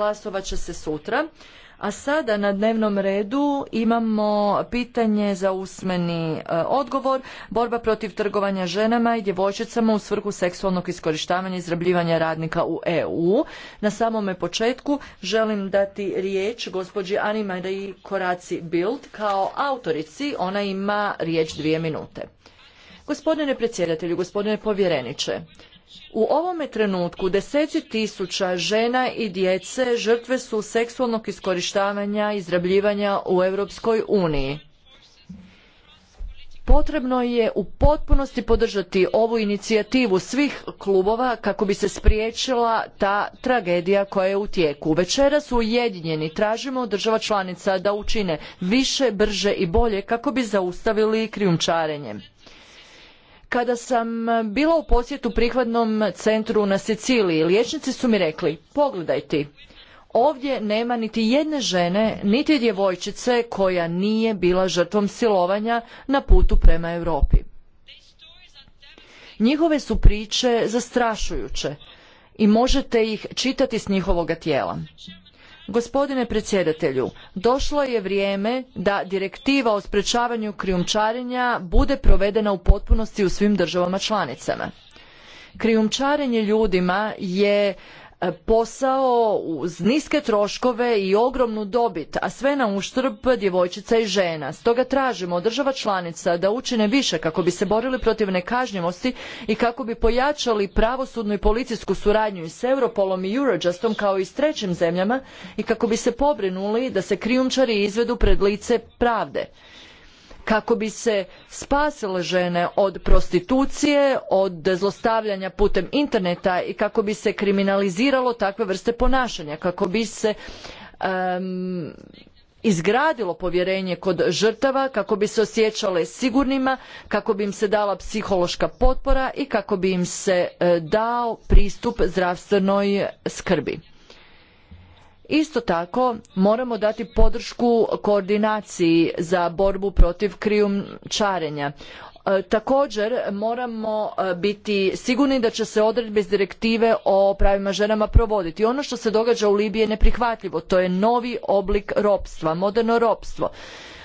Glasovat će se sutra. A sada na dnevnom redu imamo pitanje za usmeni e, odgovor. Borba protiv trgovanja ženama i djevojčicama u svrhu seksualnog iskorištavanja i izrabljivanja radnika u EU. Na samome početku želim dati riječ gospođi Ani Mariji Koraci Bild kao autorici. Ona ima riječ dvije minute. Gospodine predsjedatelju, gospodine povjereniče, u ovome trenutku deseci tisuća žena i djece žrtve su seksualnog iskorištavanja i izrabljivanja u Europskoj uniji. Potrebno je u potpunosti podržati ovu inicijativu svih klubova kako bi se spriječila ta tragedija koja je u tijeku. Večeras ujedinjeni tražimo od država članica da učine više, brže i bolje kako bi zaustavili krijumčarenje. Kada sam bila u posjetu prihvatnom centru na Siciliji, liječnici su mi rekli, pogledaj ti, ovdje nema niti jedne žene, niti djevojčice koja nije bila žrtvom silovanja na putu prema Europi. Njihove su priče zastrašujuće i možete ih čitati s njihovoga tijela. Gospodine predsjedatelju, došlo je vrijeme da direktiva o sprečavanju krijumčarenja bude provedena u potpunosti u svim državama članicama. Krijumčarenje ljudima je posao uz niske troškove i ogromnu dobit, a sve na uštrb djevojčica i žena. Stoga tražimo od država članica da učine više kako bi se borili protiv nekažnjivosti i kako bi pojačali pravosudnu i policijsku suradnju s Europolom i Eurojustom kao i s trećim zemljama i kako bi se pobrinuli da se krijumčari izvedu pred lice pravde kako bi se spasile žene od prostitucije, od zlostavljanja putem interneta i kako bi se kriminaliziralo takve vrste ponašanja, kako bi se izgradilo povjerenje kod žrtava kako bi se osjećale sigurnima kako bi im se dala psihološka potpora i kako bi im se e, dao pristup zdravstvenoj skrbi Isto tako moramo dati podršku koordinaciji za borbu protiv krijumčarenja. E, također moramo e, biti sigurni da će se odredbe iz direktive o pravima ženama provoditi. Ono što se događa u Libiji je neprihvatljivo. To je novi oblik ropstva, moderno ropstvo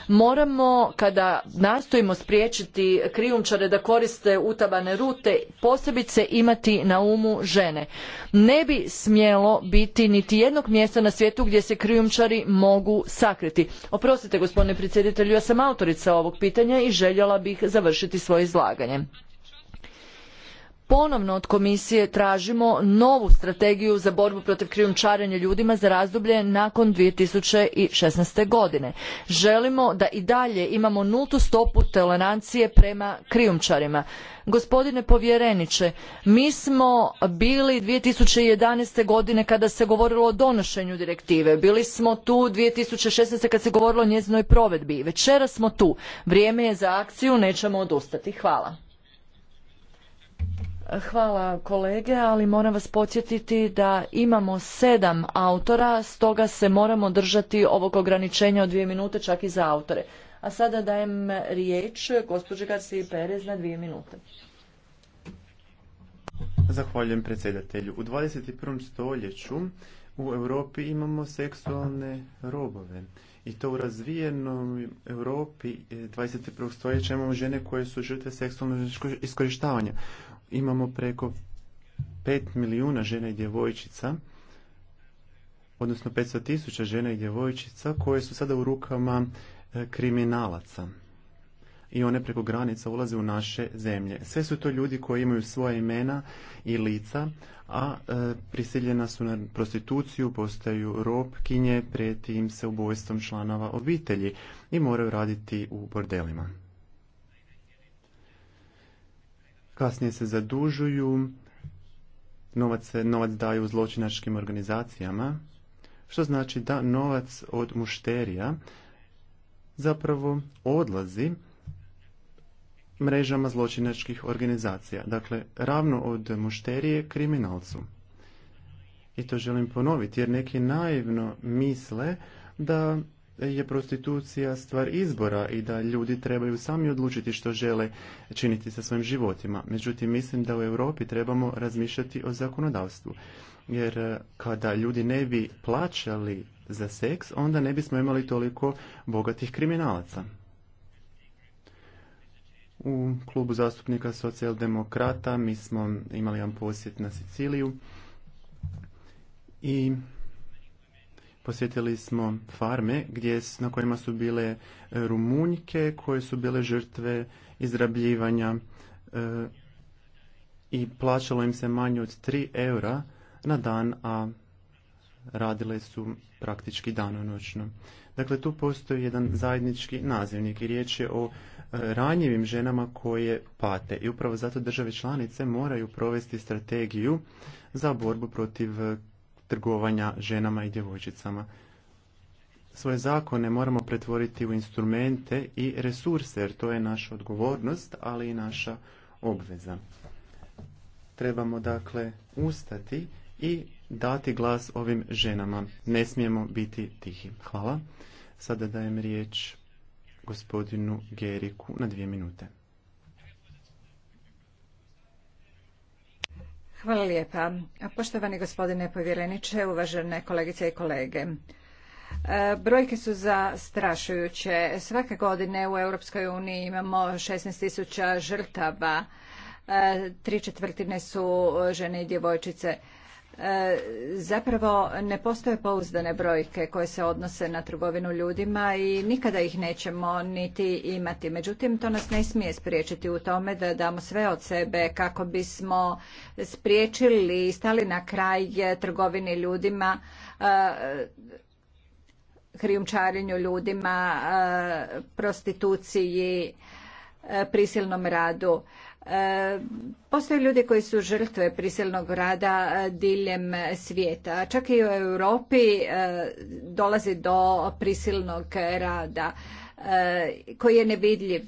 Moramo, kada nastojimo spriječiti krijumčare da koriste utabane rute, posebice imati na umu žene. Ne bi smjelo biti niti jednog mjesta na svijetu gdje se krijumčari mogu sakriti. Oprostite gospodine predsjedatelju, ja sam autorica ovog pitanja i željela bih završiti svoje izlaganje ponovno od komisije tražimo novu strategiju za borbu protiv krijumčarenja ljudima za razdoblje nakon 2016. godine. Želimo da i dalje imamo nultu stopu tolerancije prema krijumčarima. Gospodine povjereniče, mi smo bili 2011. godine kada se govorilo o donošenju direktive, bili smo tu 2016. kad se govorilo o njezinoj provedbi. Večeras smo tu. Vrijeme je za akciju, nećemo odustati. Hvala. Hvala kolege, ali moram vas podsjetiti da imamo sedam autora, stoga se moramo držati ovog ograničenja od dvije minute čak i za autore. A sada dajem riječ gospođi Garciji Perez na dvije minute. Zahvaljujem predsjedatelju. U 21. stoljeću u Europi imamo seksualne robove. I to u razvijenom Europi 21. stoljeća imamo žene koje su žrtve seksualnog iskorištavanja imamo preko 5 milijuna žena i djevojčica, odnosno 500 tisuća žena i djevojčica koje su sada u rukama e, kriminalaca i one preko granica ulaze u naše zemlje. Sve su to ljudi koji imaju svoja imena i lica, a e, prisiljena su na prostituciju, postaju ropkinje, prijeti im se ubojstvom članova obitelji i moraju raditi u bordelima. kasnije se zadužuju, novac, se, novac daju zločinačkim organizacijama, što znači da novac od mušterija zapravo odlazi mrežama zločinačkih organizacija. Dakle, ravno od mušterije kriminalcu. I to želim ponoviti, jer neki naivno misle da je prostitucija stvar izbora i da ljudi trebaju sami odlučiti što žele činiti sa svojim životima. Međutim, mislim da u Europi trebamo razmišljati o zakonodavstvu. Jer e, kada ljudi ne bi plaćali za seks, onda ne bismo imali toliko bogatih kriminalaca. U klubu zastupnika socijaldemokrata mi smo imali jedan posjet na Siciliju i Posjetili smo farme gdje, na kojima su bile e, rumunjke koje su bile žrtve izrabljivanja e, i plaćalo im se manje od 3 eura na dan, a radile su praktički danonoćno. Dakle, tu postoji jedan zajednički nazivnik i riječ je o e, ranjivim ženama koje pate. I upravo zato države članice moraju provesti strategiju za borbu protiv trgovanja ženama i djevojčicama. Svoje zakone moramo pretvoriti u instrumente i resurse, jer to je naša odgovornost, ali i naša obveza. Trebamo dakle ustati i dati glas ovim ženama. Ne smijemo biti tihi. Hvala. Sada dajem riječ gospodinu Geriku na dvije minute. Hvala lijepa. Poštovani gospodine povjereniče, uvažene kolegice i kolege. E, brojke su zastrašujuće. Svake godine u Europskoj uniji imamo 16.000 žrtava, e, tri četvrtine su žene i djevojčice. E, zapravo ne postoje pouzdane brojke koje se odnose na trgovinu ljudima i nikada ih nećemo niti imati. Međutim, to nas ne smije spriječiti u tome da damo sve od sebe kako bismo spriječili i stali na kraj trgovini ljudima e, krijumčarenju ljudima, e, prostituciji, prisilnom radu. E, postoje ljudi koji su žrtve prisilnog rada e, diljem svijeta. Čak i u Europi e, dolazi do prisilnog rada koji je nevidljiv,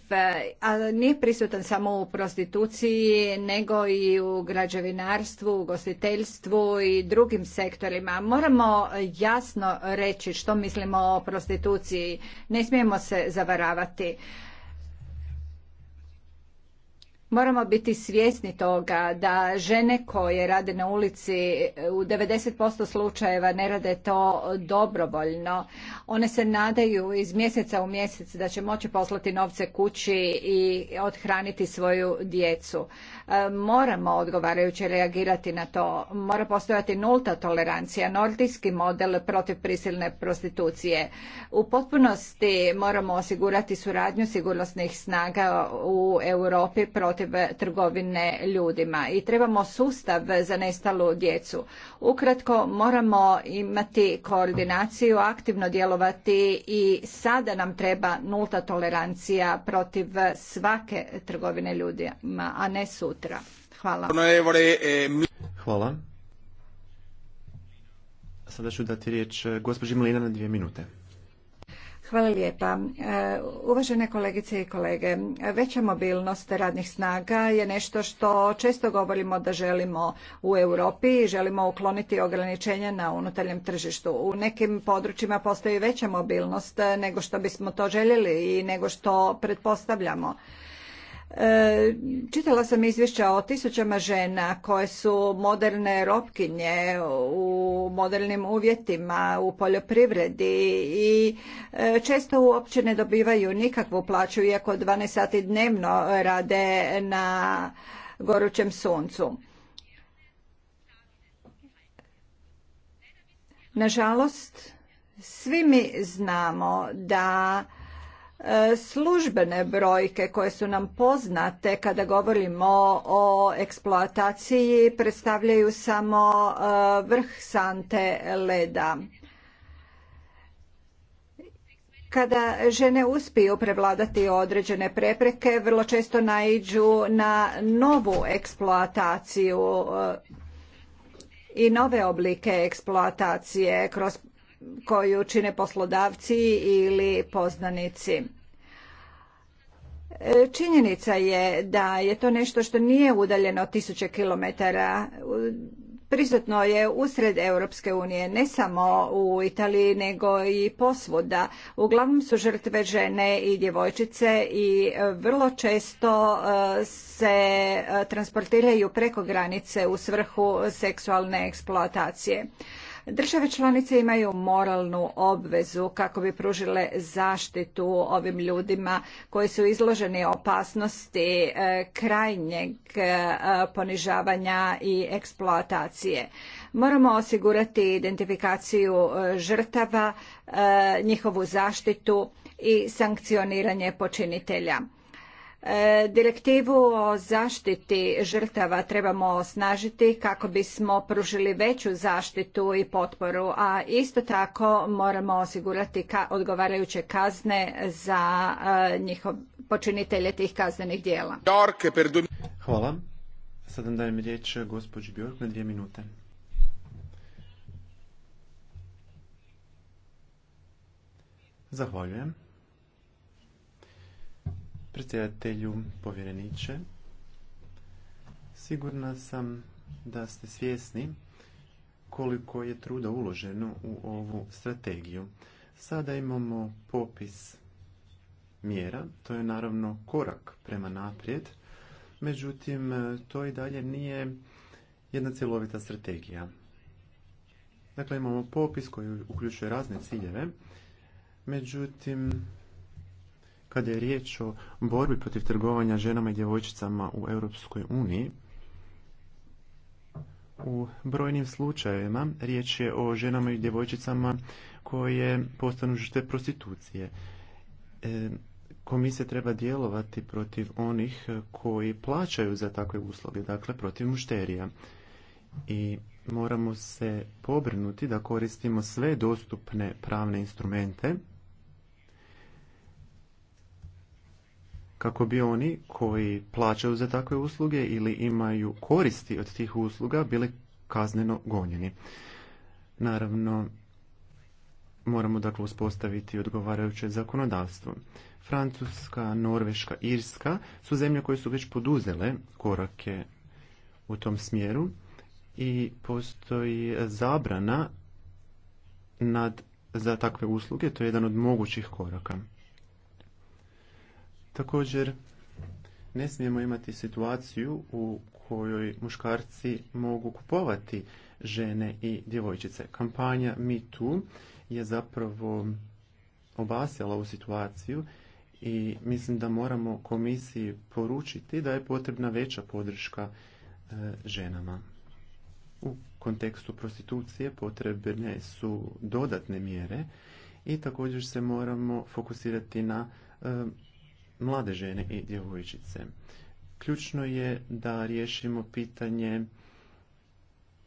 a nije prisutan samo u prostituciji, nego i u građevinarstvu, u gostiteljstvu i drugim sektorima. Moramo jasno reći što mislimo o prostituciji. Ne smijemo se zavaravati Moramo biti svjesni toga da žene koje rade na ulici u 90% slučajeva ne rade to dobrovoljno. One se nadaju iz mjeseca u mjesec da će moći poslati novce kući i odhraniti svoju djecu. E, moramo odgovarajuće reagirati na to. Mora postojati nulta tolerancija, nordijski model protiv prisilne prostitucije. U potpunosti moramo osigurati suradnju sigurnosnih snaga u Europi protiv protiv trgovine ljudima i trebamo sustav za nestalu djecu. Ukratko, moramo imati koordinaciju, aktivno djelovati i sada nam treba nulta tolerancija protiv svake trgovine ljudima, a ne sutra. Hvala. E, Hvala. Sada ću dati riječ e, gospođi na dvije minute. Hvala lijepa. E, uvažene kolegice i kolege, veća mobilnost radnih snaga je nešto što često govorimo da želimo u Europi i želimo ukloniti ograničenja na unutarnjem tržištu. U nekim područjima postoji veća mobilnost nego što bismo to željeli i nego što pretpostavljamo. E, čitala sam izvješća o tisućama žena koje su moderne ropkinje u modernim uvjetima u poljoprivredi i e, često uopće ne dobivaju nikakvu plaću iako 12 sati dnevno rade na gorućem suncu. Nažalost, svi mi znamo da E, službene brojke koje su nam poznate kada govorimo o eksploataciji predstavljaju samo e, vrh sante leda. Kada žene uspiju prevladati određene prepreke, vrlo često naiđu na novu eksploataciju e, i nove oblike eksploatacije kroz koju čine poslodavci ili poznanici. E, činjenica je da je to nešto što nije udaljeno tisuće kilometara. Prisutno je usred Europske unije, ne samo u Italiji, nego i posvuda. Uglavnom su žrtve žene i djevojčice i vrlo često e, se e, transportiraju preko granice u svrhu seksualne eksploatacije. Države članice imaju moralnu obvezu kako bi pružile zaštitu ovim ljudima koji su izloženi opasnosti e, krajnjeg e, ponižavanja i eksploatacije. Moramo osigurati identifikaciju e, žrtava, njihovu zaštitu i sankcioniranje počinitelja. E, direktivu o zaštiti žrtava trebamo osnažiti kako bismo pružili veću zaštitu i potporu, a isto tako moramo osigurati odgovarajuće kazne za e, njihov počinitelje tih kaznenih djela. Hvala. Sada dajem riječ gospođi Bjork na minute. Zahvaljujem. Predsjedatelju, povjereniče, sigurna sam da ste svjesni koliko je truda uloženo u ovu strategiju. Sada imamo popis mjera, to je naravno korak prema naprijed, međutim to i dalje nije jedna cjelovita strategija. Dakle, imamo popis koji uključuje razne ciljeve, međutim kad je riječ o borbi protiv trgovanja ženama i djevojčicama u Europskoj uniji, u brojnim slučajevima riječ je o ženama i djevojčicama koje postanu žrtve prostitucije. E, komisija treba djelovati protiv onih koji plaćaju za takve usluge, dakle protiv mušterija. I moramo se pobrinuti da koristimo sve dostupne pravne instrumente kako bi oni koji plaćaju za takve usluge ili imaju koristi od tih usluga bili kazneno gonjeni. Naravno, moramo dakle uspostaviti odgovarajuće zakonodavstvo. Francuska, Norveška, Irska su zemlje koje su već poduzele korake u tom smjeru i postoji zabrana nad, za takve usluge, to je jedan od mogućih koraka. Također, ne smijemo imati situaciju u kojoj muškarci mogu kupovati žene i djevojčice. Kampanja Me Too je zapravo obasjala ovu situaciju i mislim da moramo komisiji poručiti da je potrebna veća podrška e, ženama. U kontekstu prostitucije potrebne su dodatne mjere i također se moramo fokusirati na e, mlade žene i djevojčice. Ključno je da riješimo pitanje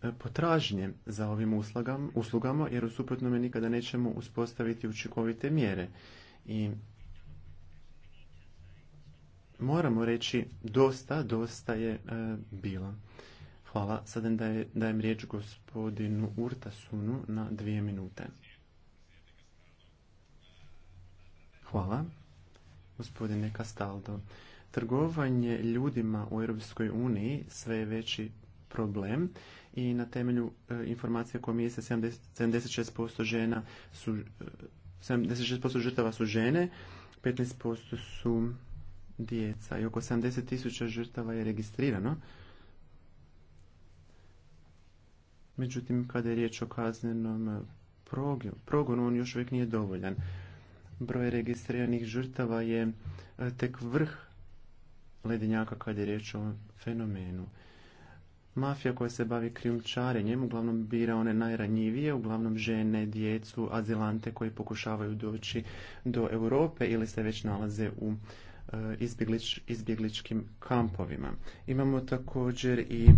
e, potražnje za ovim uslugama, jer u suprotnome nikada nećemo uspostaviti učinkovite mjere. I moramo reći dosta, dosta je e, bilo. Hvala. Sad dajem riječ gospodinu Urtasunu na dvije minute. Hvala gospodine Castaldo. Trgovanje ljudima u Europskoj uniji sve je veći problem i na temelju e, informacije komisije 70, 76% žena su 76% e, žrtava su žene, 15% su djeca i oko 70.000 tisuća žrtava je registrirano. Međutim, kada je riječ o kaznenom progonu, on još uvijek nije dovoljan broj registriranih žrtava je e, tek vrh ledenjaka kad je riječ o fenomenu. Mafija koja se bavi krijumčarenjem uglavnom bira one najranjivije, uglavnom žene, djecu, azilante koji pokušavaju doći do Europe ili se već nalaze u e, izbjegličkim kampovima. Imamo također i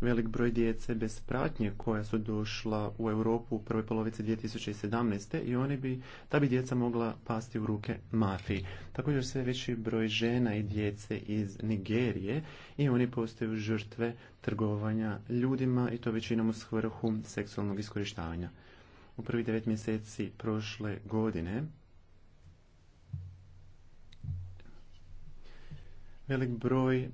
velik broj djece bez pratnje koja su došla u Europu u prvoj polovici 2017. i oni bi, ta bi djeca mogla pasti u ruke mafiji. Također sve veći broj žena i djece iz Nigerije i oni postaju žrtve trgovanja ljudima i to većinom u svrhu seksualnog iskorištavanja. U prvi devet mjeseci prošle godine velik broj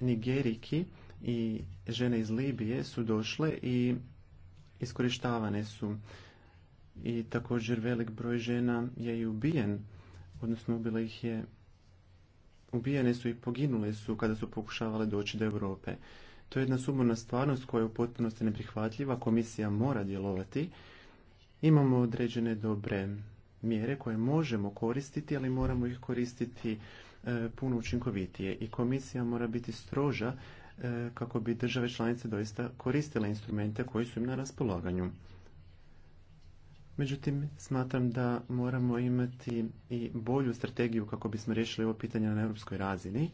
Nigeriki i žene iz Libije su došle i iskorištavane su. I također velik broj žena je i ubijen, odnosno ubila ih je ubijene su i poginule su kada su pokušavale doći do Europe. To je jedna sumorna stvarnost koja je u potpunosti neprihvatljiva, komisija mora djelovati. Imamo određene dobre mjere koje možemo koristiti, ali moramo ih koristiti e, puno učinkovitije i komisija mora biti stroža E, kako bi države članice doista koristile instrumente koji su im na raspolaganju. Međutim, smatram da moramo imati i bolju strategiju kako bismo riješili ovo pitanje na europskoj razini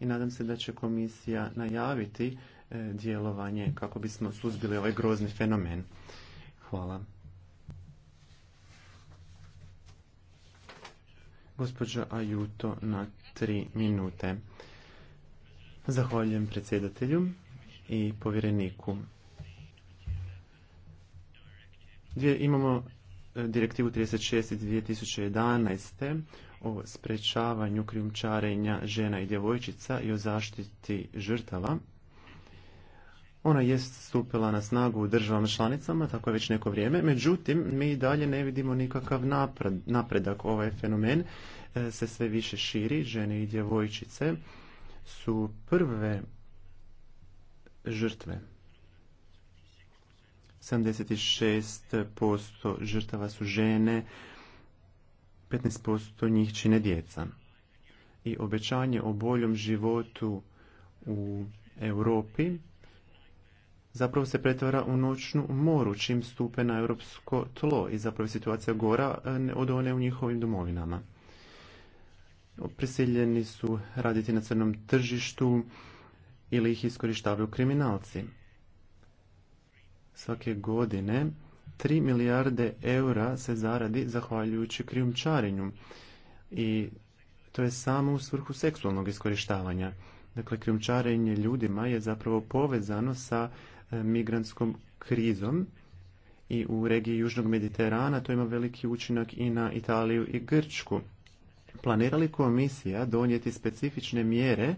i nadam se da će komisija najaviti e, djelovanje kako bismo suzbili ovaj grozni fenomen. Hvala. Gospođa Ajuto na tri minute. Zahvaljujem predsjedatelju i povjereniku. imamo e, direktivu 36 2011. o sprečavanju krijumčarenja žena i djevojčica i o zaštiti žrtava. Ona je stupila na snagu u državama članicama, tako je već neko vrijeme, međutim mi i dalje ne vidimo nikakav napredak. Ovaj fenomen e, se sve više širi, žene i djevojčice su prve žrtve. 76% žrtava su žene, 15% njih čine djeca. I obećanje o boljom životu u Europi zapravo se pretvara u noćnu moru čim stupe na europsko tlo i zapravo situacija gora eh, od one u njihovim domovinama prisiljeni su raditi na crnom tržištu ili ih iskorištavaju kriminalci. Svake godine 3 milijarde eura se zaradi zahvaljujući krijumčarenju i to je samo u svrhu seksualnog iskorištavanja. Dakle, krijumčarenje ljudima je zapravo povezano sa e, migrantskom krizom i u regiji Južnog Mediterana to ima veliki učinak i na Italiju i Grčku. Planira li komisija donijeti specifične mjere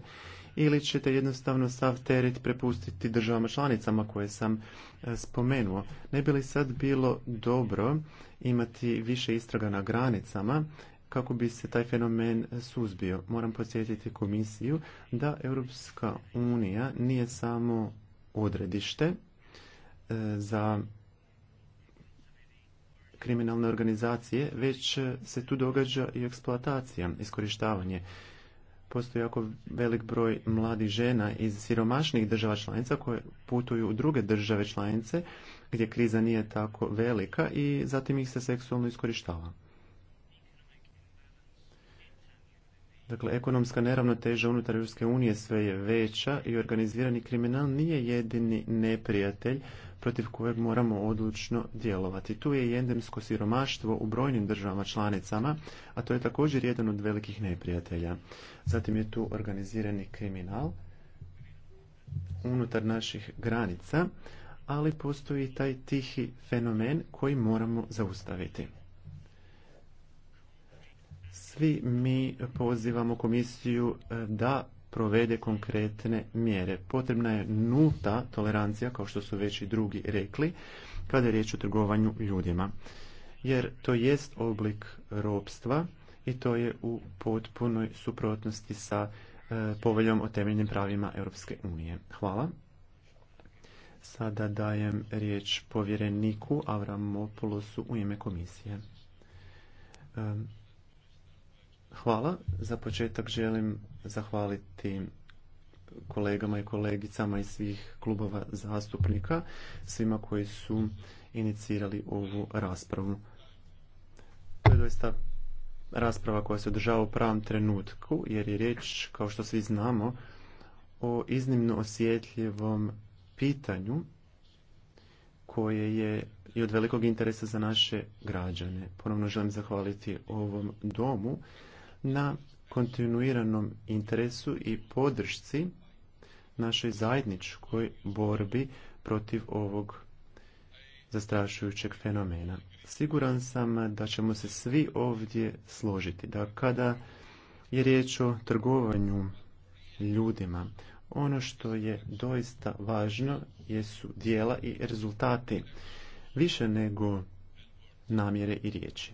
ili ćete jednostavno sav teret prepustiti državama članicama koje sam e, spomenuo? Ne bi li sad bilo dobro imati više istraga na granicama kako bi se taj fenomen suzbio? Moram podsjetiti komisiju da Europska unija nije samo odredište e, za kriminalne organizacije, već se tu događa i eksploatacija, iskorištavanje. Postoji jako velik broj mladih žena iz siromašnih država članica koje putuju u druge države članice gdje kriza nije tako velika i zatim ih se seksualno iskorištava. Dakle, ekonomska neravnoteža unutar Europske unije sve je veća i organizirani kriminal nije jedini neprijatelj protiv kojeg moramo odlučno djelovati. Tu je i endemsko siromaštvo u brojnim državama članicama, a to je također jedan od velikih neprijatelja. Zatim je tu organizirani kriminal unutar naših granica, ali postoji taj tihi fenomen koji moramo zaustaviti. Svi mi pozivamo komisiju e, da provede konkretne mjere. Potrebna je nuta tolerancija, kao što su već i drugi rekli, kada je riječ o trgovanju ljudima. Jer to jest oblik ropstva i to je u potpunoj suprotnosti sa e, poveljom o temeljnim pravima Europske unije. Hvala. Sada dajem riječ povjereniku Avramopoulosu u ime komisije. E, Hvala. Za početak želim zahvaliti kolegama i kolegicama iz svih klubova zastupnika, svima koji su inicirali ovu raspravu. To je doista rasprava koja se održava u pravom trenutku, jer je riječ, kao što svi znamo, o iznimno osjetljivom pitanju koje je i od velikog interesa za naše građane. Ponovno želim zahvaliti ovom domu na kontinuiranom interesu i podršci našoj zajedničkoj borbi protiv ovog zastrašujućeg fenomena. Siguran sam da ćemo se svi ovdje složiti da kada je riječ o trgovanju ljudima, ono što je doista važno jesu dijela i rezultati, više nego namjere i riječi.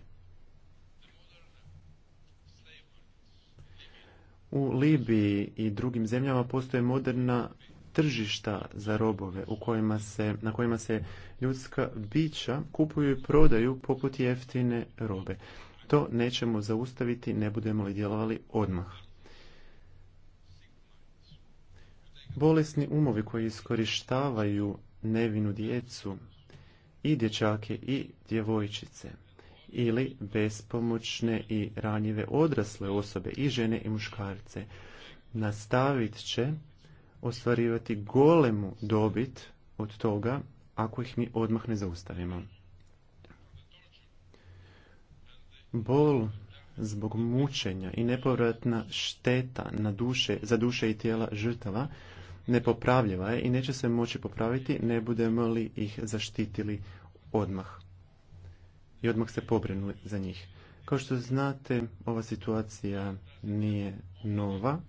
U Libiji i drugim zemljama postoje moderna tržišta za robove u kojima se, na kojima se ljudska bića kupuju i prodaju poput jeftine robe. To nećemo zaustaviti, ne budemo li djelovali odmah. Bolesni umovi koji iskorištavaju nevinu djecu i dječake i djevojčice ili bespomoćne i ranjive odrasle osobe i žene i muškarce. Nastavit će ostvarivati golemu dobit od toga ako ih mi odmah ne zaustavimo. Bol zbog mučenja i nepovratna šteta na duše, za duše i tijela žrtava nepopravljiva je i neće se moći popraviti ne budemo li ih zaštitili odmah i odmah se pobrinuli za njih. Kao što znate, ova situacija nije nova,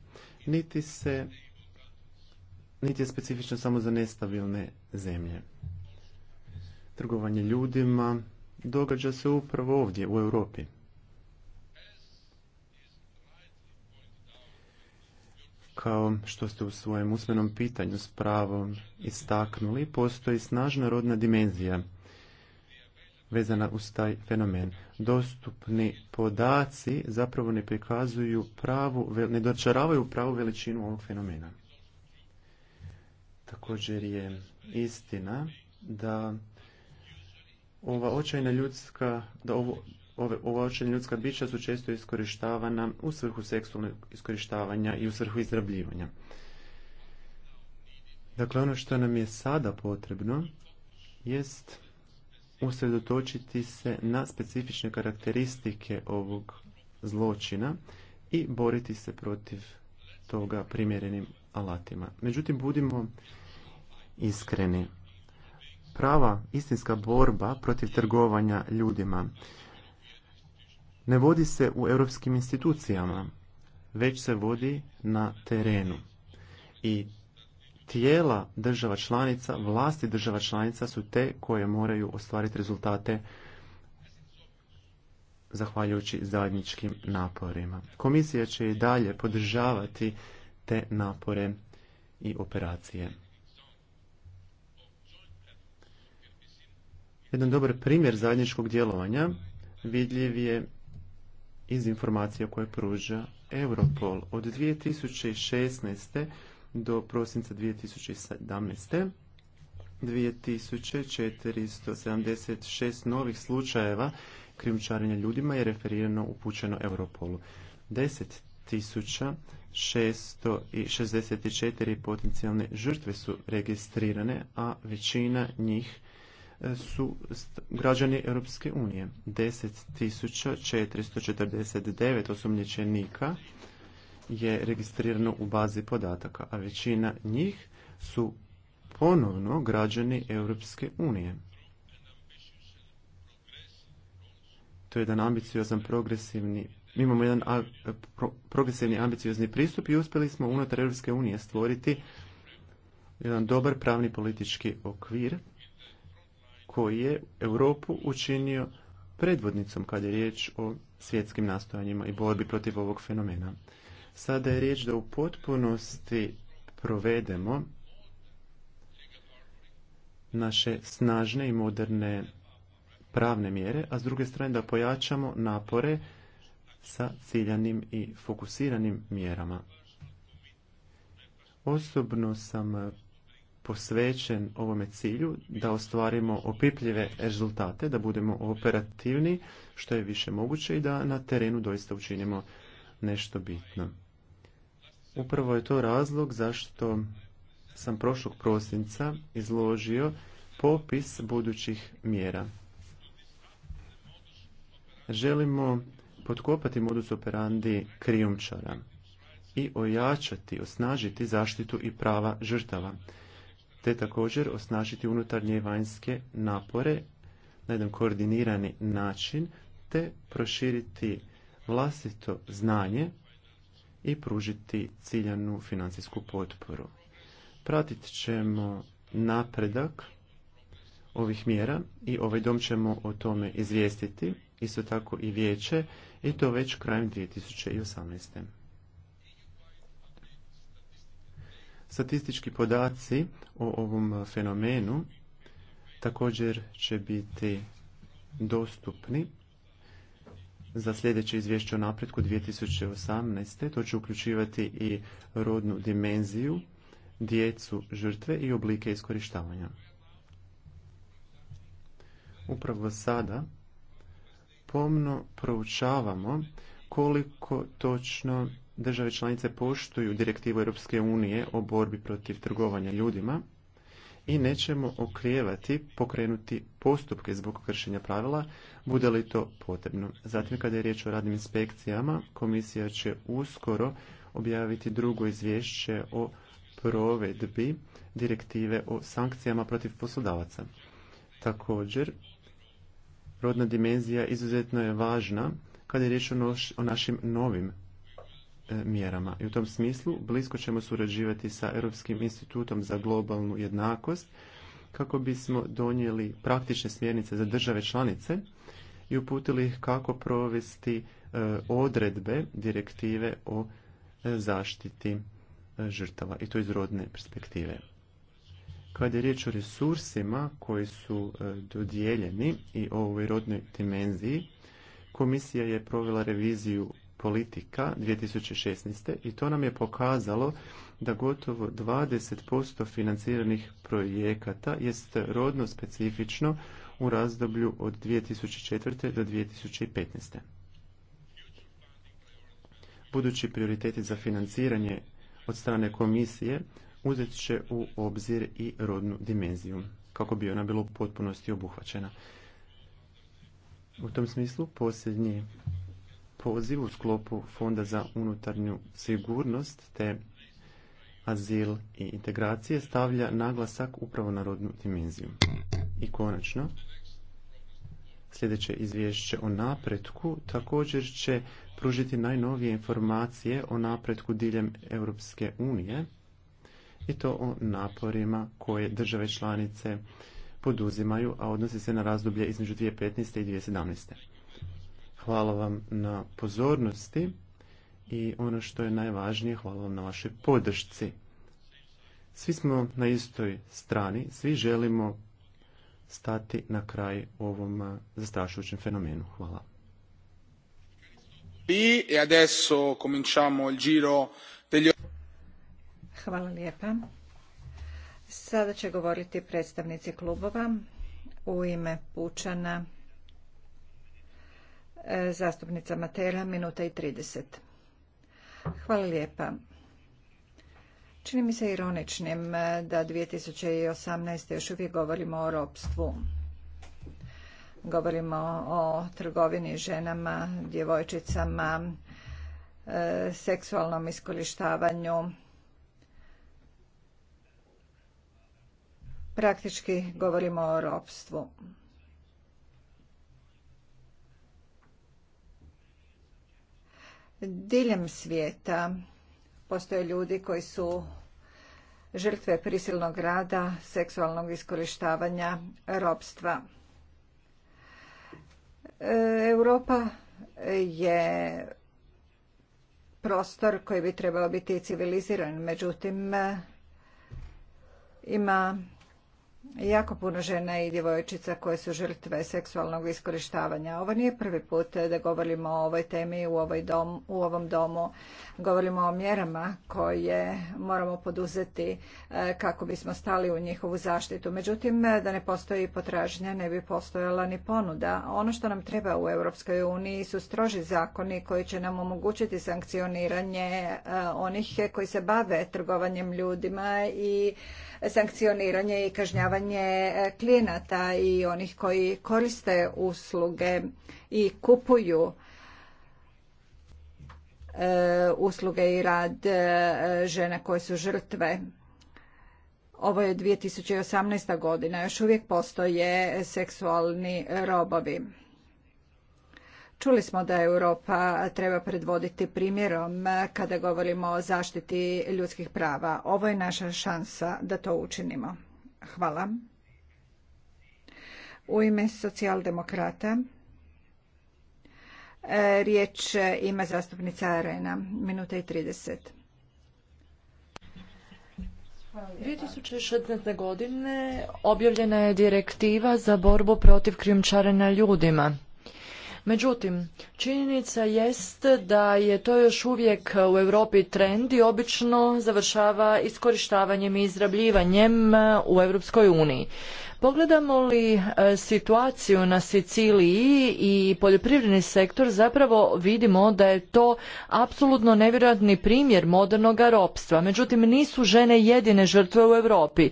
niti se niti je specifično samo za nestabilne zemlje. Trgovanje ljudima događa se upravo ovdje u Europi. Kao što ste u svojem usmenom pitanju s pravom istaknuli, postoji snažna rodna dimenzija vezana uz taj fenomen. Dostupni podaci zapravo ne prikazuju pravu, ne dočaravaju pravu veličinu ovog fenomena. Također je istina da ova očajna ljudska, da ovo, ova očajna ljudska bića su često iskorištavana u svrhu seksualnog iskorištavanja i u svrhu izrabljivanja. Dakle, ono što nam je sada potrebno jest usredotočiti se na specifične karakteristike ovog zločina i boriti se protiv toga primjerenim alatima. Međutim, budimo iskreni. Prava istinska borba protiv trgovanja ljudima ne vodi se u europskim institucijama, već se vodi na terenu. I tijela država članica, vlasti država članica su te koje moraju ostvariti rezultate zahvaljujući zajedničkim naporima. Komisija će i dalje podržavati te napore i operacije. Jedan dobar primjer zajedničkog djelovanja vidljiv je iz informacija koje pruža Europol. Od 2016 do prosinca 2017. 2476 novih slučajeva krijumčarenja ljudima je referirano upućeno Europolu. 10.664 potencijalne žrtve su registrirane, a većina njih e, su građani Europske unije. 10.449 osumnjičenika je registrirano u bazi podataka, a većina njih su ponovno građani Europske unije. To je jedan ambiciozan progresivni mi imamo jedan progresivni ambiciozni pristup i uspjeli smo unutar Europske unije stvoriti jedan dobar pravni politički okvir koji je Europu učinio predvodnicom kad je riječ o svjetskim nastojanjima i borbi protiv ovog fenomena. Sada je riječ da u potpunosti provedemo naše snažne i moderne pravne mjere, a s druge strane da pojačamo napore sa ciljanim i fokusiranim mjerama. Osobno sam posvećen ovome cilju da ostvarimo opipljive rezultate, da budemo operativni što je više moguće i da na terenu doista učinimo nešto bitno. Upravo je to razlog zašto sam prošlog prosinca izložio popis budućih mjera. Želimo potkopati modus operandi krijumčara i ojačati, osnažiti zaštitu i prava žrtava, te također osnažiti unutarnje i vanjske napore na jedan koordinirani način, te proširiti vlastito znanje i pružiti ciljanu financijsku potporu. Pratit ćemo napredak ovih mjera i ovaj dom ćemo o tome izvijestiti, isto tako i vijeće i to već krajem 2018. Statistički podaci o ovom fenomenu također će biti dostupni za sljedeće izvješće o napretku 2018. To će uključivati i rodnu dimenziju, djecu, žrtve i oblike iskorištavanja. Upravo sada pomno proučavamo koliko točno države članice poštuju direktivu Europske unije o borbi protiv trgovanja ljudima i nećemo okrijevati pokrenuti postupke zbog kršenja pravila, bude li to potrebno. Zatim, kada je riječ o radnim inspekcijama, komisija će uskoro objaviti drugo izvješće o provedbi direktive o sankcijama protiv poslodavaca. Također, rodna dimenzija izuzetno je važna kada je riječ o našim novim E, mjerama. I u tom smislu blisko ćemo surađivati sa Europskim institutom za globalnu jednakost kako bismo donijeli praktične smjernice za države članice i uputili ih kako provesti e, odredbe direktive o e, zaštiti žrtava i to iz rodne perspektive. Kad je riječ o resursima koji su dodijeljeni i o ovoj rodnoj dimenziji, komisija je provela reviziju politika 2016. i to nam je pokazalo da gotovo 20% financiranih projekata jest rodno specifično u razdoblju od 2004. do 2015. Budući prioriteti za financiranje od strane komisije uzet će u obzir i rodnu dimenziju, kako bi ona bila u potpunosti obuhvaćena. U tom smislu posljednji poziv u sklopu Fonda za unutarnju sigurnost te azil i integracije stavlja naglasak upravo na rodnu dimenziju. I konačno, sljedeće izvješće o napretku također će pružiti najnovije informacije o napretku diljem Europske unije i to o naporima koje države članice poduzimaju, a odnosi se na razdoblje između 2015. i 2017. Hvala vam na pozornosti i ono što je najvažnije, hvala vam na vašoj podršci. Svi smo na istoj strani, svi želimo stati na kraj ovom eh, zastrašujućem fenomenu. Hvala. adesso cominciamo il giro Hvala lijepa. Sada će govoriti predstavnici klubova u ime Pučana Zastupnica Matera, minuta i 30. Hvala lijepa. Čini mi se ironičnim da 2018. još uvijek govorimo o ropstvu. Govorimo o trgovini ženama, djevojčicama, e, seksualnom iskorištavanju. Praktički govorimo o ropstvu. Diljem svijeta postoje ljudi koji su žrtve prisilnog rada, seksualnog iskorištavanja, robstva. E, Europa je prostor koji bi trebao biti civiliziran, međutim ima jako puno žena i djevojčica koje su žrtve seksualnog iskorištavanja. Ovo nije prvi put da govorimo o ovoj temi u, dom, u ovom domu. Govorimo o mjerama koje moramo poduzeti e, kako bismo stali u njihovu zaštitu. Međutim, da ne postoji potražnja, ne bi postojala ni ponuda. Ono što nam treba u Europskoj uniji su stroži zakoni koji će nam omogućiti sankcioniranje e, onih koji se bave trgovanjem ljudima i sankcioniranje i kažnjavanje je e, klijenata i onih koji koriste usluge i kupuju e, usluge i rad e, žena koje su žrtve. Ovo je 2018. godina, još uvijek postoje seksualni robovi. Čuli smo da Europa treba predvoditi primjerom kada govorimo o zaštiti ljudskih prava. Ovo je naša šansa da to učinimo. Hvala. U ime socijaldemokrata e, riječ ima zastupnica Arena. Minuta i 30. 2016. godine objavljena je direktiva za borbu protiv krijumčarenja ljudima Međutim, činjenica jest da je to još uvijek u Europi trend i obično završava iskorištavanjem i izrabljivanjem uh, u Europskoj uniji. Pogledamo li uh, situaciju na Siciliji i poljoprivredni sektor, zapravo vidimo da je to apsolutno nevjerojatni primjer modernog ropstva. Međutim, nisu žene jedine žrtve u Europi.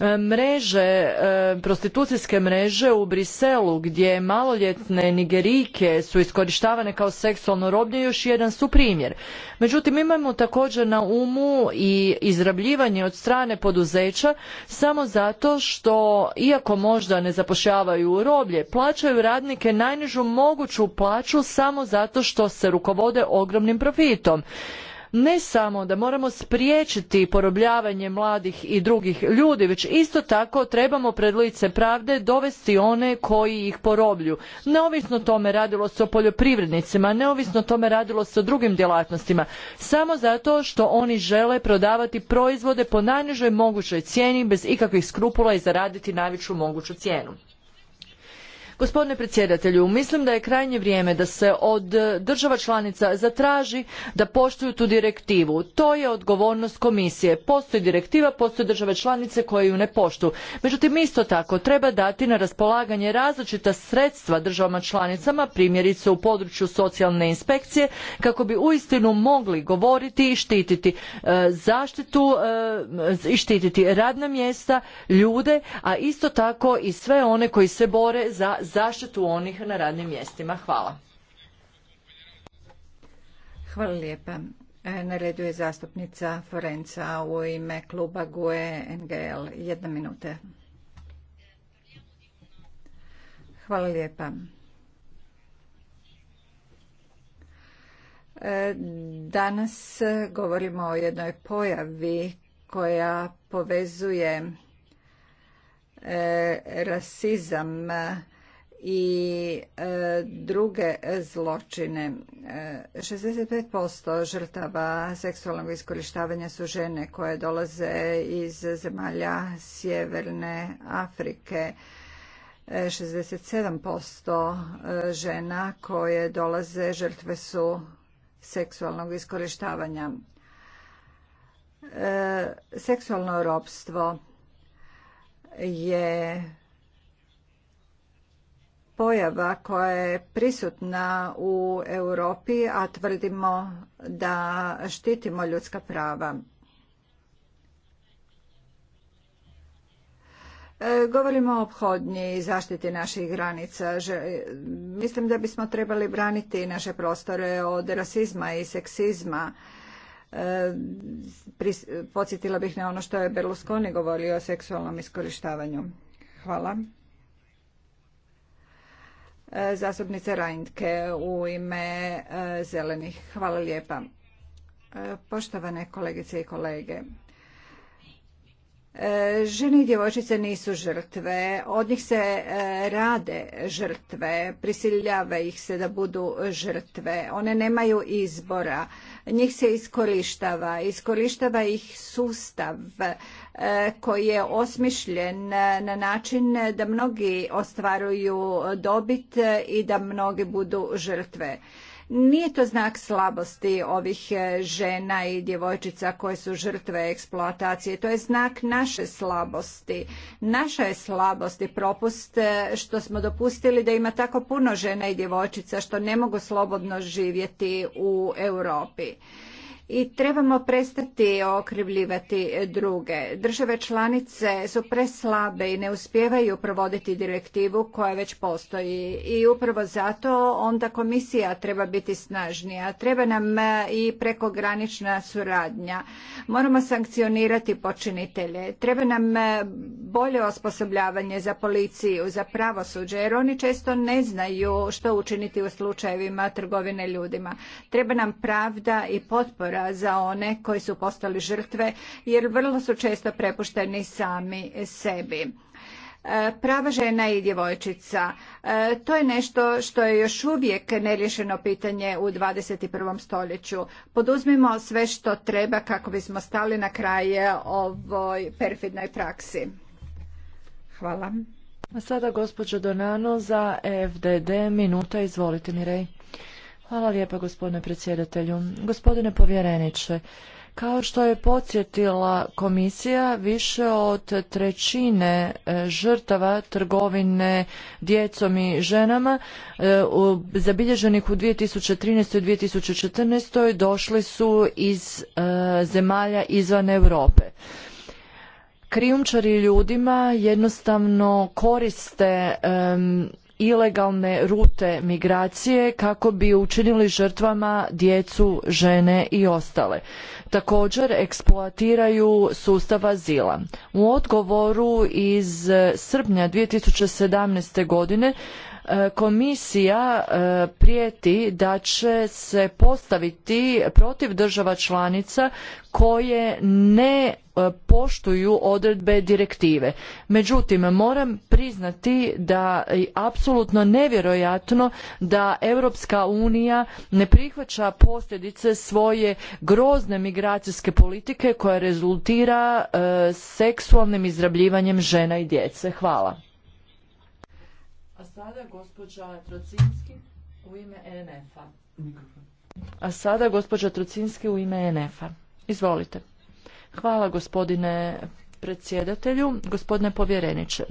E, mreže, e, prostitucijske mreže u Briselu gdje maloljetne nigerijke su iskorištavane kao seksualno roblje još jedan su primjer. Međutim, imamo također na umu i izrabljivanje od strane poduzeća samo zato što, iako možda ne zapošljavaju roblje, plaćaju radnike najnižu moguću plaću samo zato što se rukovode ogromnim profitom ne samo da moramo spriječiti porobljavanje mladih i drugih ljudi već isto tako trebamo pred lice pravde dovesti one koji ih poroblju neovisno o tome radilo se o poljoprivrednicima neovisno o tome radilo se o drugim djelatnostima samo zato što oni žele prodavati proizvode po najnižoj mogućoj cijeni bez ikakvih skrupula i zaraditi najveću moguću cijenu Gospodine predsjedatelju, mislim da je krajnje vrijeme da se od država članica zatraži da poštuju tu direktivu. To je odgovornost komisije. Postoji direktiva, postoje države članice koje ju ne poštuju. Međutim, isto tako treba dati na raspolaganje različita sredstva državama članicama, primjerice u području socijalne inspekcije, kako bi uistinu mogli govoriti i štititi e, zaštitu e, i štititi radna mjesta, ljude, a isto tako i sve one koji se bore za zaštitu onih na radnim mjestima. Hvala. Hvala lijepa. E, na redu je zastupnica Forenca u ime kluba GUE NGL. Jedna minuta. Hvala lijepa. E, danas govorimo o jednoj pojavi koja povezuje e, rasizam i e, druge zločine. 65% e, žrtava seksualnog iskorištavanja su žene koje dolaze iz zemalja Sjeverne Afrike. 67% e, žena koje dolaze žrtve su seksualnog iskorištavanja. Seksualno ropstvo je pojava koja je prisutna u Europi, a tvrdimo da štitimo ljudska prava. E, govorimo o obhodnji i zaštiti naših granica. Mislim da bismo trebali braniti naše prostore od rasizma i seksizma. E, podsjetila bih na ono što je Berlusconi govorio o seksualnom iskorištavanju. Hvala. E, zastupnice Rajnke u ime e, zelenih. Hvala lijepa. E, poštovane kolegice i kolege, E, žene i djevojčice nisu žrtve, od njih se e, rade žrtve, prisiljava ih se da budu žrtve, one nemaju izbora, njih se iskorištava, iskorištava ih sustav e, koji je osmišljen na način da mnogi ostvaruju dobit i da mnogi budu žrtve. Nije to znak slabosti ovih e, žena i djevojčica koje su žrtve eksploatacije. To je znak naše slabosti. Naša je slabost i propust e, što smo dopustili da ima tako puno žena i djevojčica što ne mogu slobodno živjeti u Europi i trebamo prestati okrivljivati druge. Države članice su preslabe i ne uspijevaju provoditi direktivu koja već postoji i upravo zato onda komisija treba biti snažnija. Treba nam i prekogranična suradnja. Moramo sankcionirati počinitelje. Treba nam bolje osposobljavanje za policiju, za pravosuđe, jer oni često ne znaju što učiniti u slučajevima trgovine ljudima. Treba nam pravda i potpora za one koji su postali žrtve jer vrlo su često prepušteni sami sebi e, prava žena i djevojčica. E, to je nešto što je još uvijek neriješeno pitanje u 21. stoljeću. Poduzmimo sve što treba kako bismo stali na kraje ovoj perfidnoj praksi. Hvala. A sada gospođo Donano za FDD minuta. Izvolite Mirej. Hvala lijepa gospodine predsjedatelju. Gospodine povjereniče, kao što je podsjetila komisija, više od trećine e, žrtava trgovine djecom i ženama e, zabilježenih u 2013. i 2014. došli su iz e, zemalja izvan Europe krijumčari ljudima jednostavno koriste ilegalne rute migracije kako bi učinili žrtvama djecu, žene i ostale. Također eksploatiraju sustav azila. U odgovoru iz srpnja 2017. godine E, komisija e, prijeti da će se postaviti protiv država članica koje ne e, poštuju odredbe direktive. Međutim, moram priznati da je apsolutno nevjerojatno da Europska unija ne prihvaća posljedice svoje grozne migracijske politike koja rezultira seksualnim izrabljivanjem žena i djece. Hvala sada gospođa Trocinski u ime ENF-a. A sada gospođa Trocinski u ime ENF-a. Izvolite. Hvala gospodine predsjedatelju, gospodine povjereniče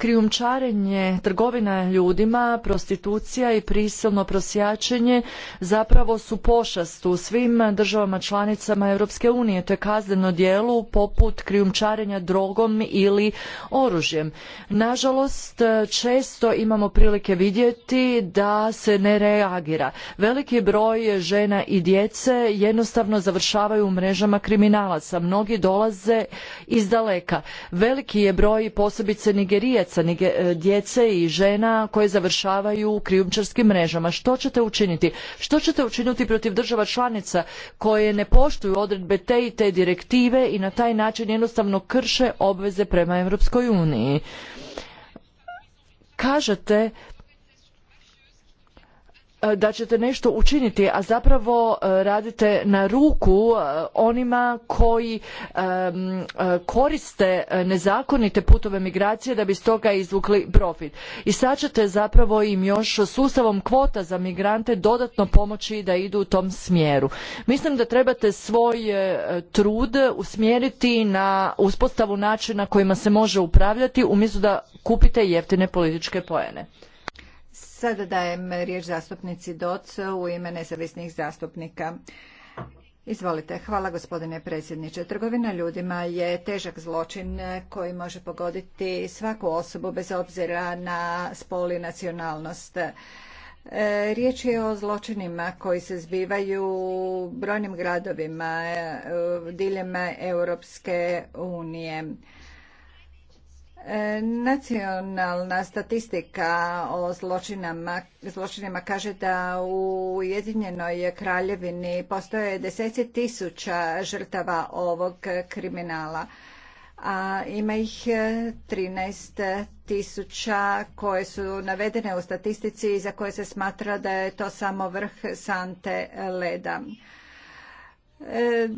krijumčarenje, trgovina ljudima, prostitucija i prisilno prosjačenje zapravo su pošast u svim državama članicama Europske unije. To je kazneno djelo poput krijumčarenja drogom ili oružjem. Nažalost, često imamo prilike vidjeti da se ne reagira. Veliki broj žena i djece jednostavno završavaju u mrežama kriminalaca. Mnogi dolaze iz daleka. Veliki je broj posebice Nigerijaca muškaraca, ni e, djece i žena koje završavaju u krijumčarskim mrežama. Što ćete učiniti? Što ćete učiniti protiv država članica koje ne poštuju odredbe te i te direktive i na taj način jednostavno krše obveze prema Europskoj uniji? Kažete E, da ćete nešto učiniti, a zapravo e, radite na ruku e, onima koji koriste nezakonite putove migracije da bi toga izvukli profit. I sad ćete zapravo im još sustavom kvota za migrante dodatno pomoći da idu u tom smjeru. Mislim da trebate svoj trud usmjeriti na uspostavu načina kojima se može upravljati umjesto da kupite jeftine političke poene. Sada dajem riječ zastupnici Doc u ime nezavisnih zastupnika. Izvolite. Hvala gospodine predsjedniče. Trgovina ljudima je težak zločin koji može pogoditi svaku osobu bez obzira na spol i nacionalnost. E, riječ je o zločinima koji se zbivaju u brojnim gradovima e, diljem Europske unije. E, nacionalna statistika o zločinima kaže da u Ujedinjenoj kraljevini postoje deseci tisuća žrtava ovog kriminala, a ima ih 13 tisuća koje su navedene u statistici i za koje se smatra da je to samo vrh sante leda. E,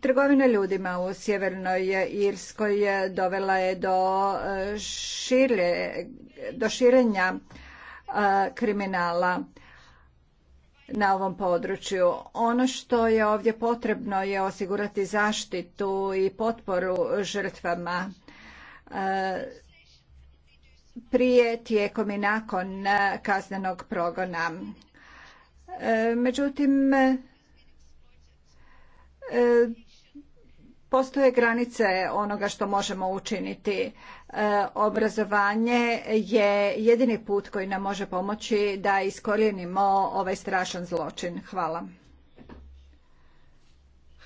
trgovina ljudima u Sjevernoj Irskoj dovela je do, e, do širenja e, kriminala na ovom području. Ono što je ovdje potrebno je osigurati zaštitu i potporu žrtvama prije, tijekom i nakon kaznenog progona. Međutim, E, postoje granice onoga što možemo učiniti. E, obrazovanje je jedini put koji nam može pomoći da iskorijenimo ovaj strašan zločin. Hvala.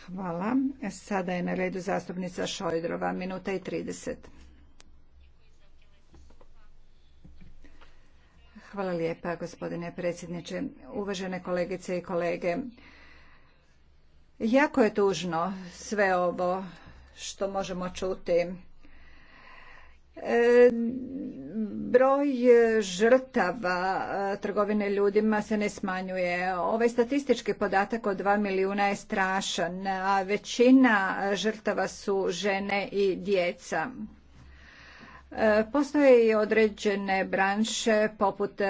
Hvala. E, sada je na redu zastupnica Šojdrova, minuta i 30. Hvala lijepa, gospodine predsjedniče. Uvažene kolegice i kolege, Jako je tužno sve ovo što možemo čuti. E, broj žrtava e, trgovine ljudima se ne smanjuje. Ovaj statistički podatak od 2 milijuna je strašan, a većina žrtava su žene i djeca. E, postoje i određene branše poput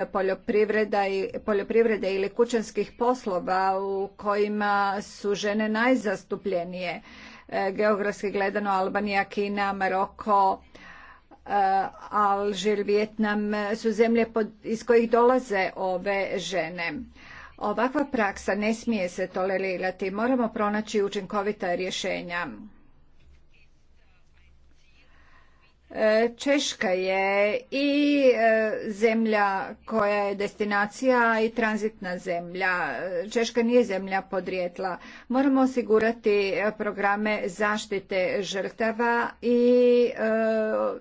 poljoprivrede ili kućanskih poslova u kojima su žene najzastupljenije. E, geografski gledano Albanija, Kina, Maroko, e, Alžir, Vjetnam su zemlje iz kojih dolaze ove žene. Ovakva praksa ne smije se tolerirati. Moramo pronaći učinkovita rješenja. E, Češka je i e, zemlja koja je destinacija i tranzitna zemlja. Češka nije zemlja podrijetla. Moramo osigurati e, programe zaštite žrtava i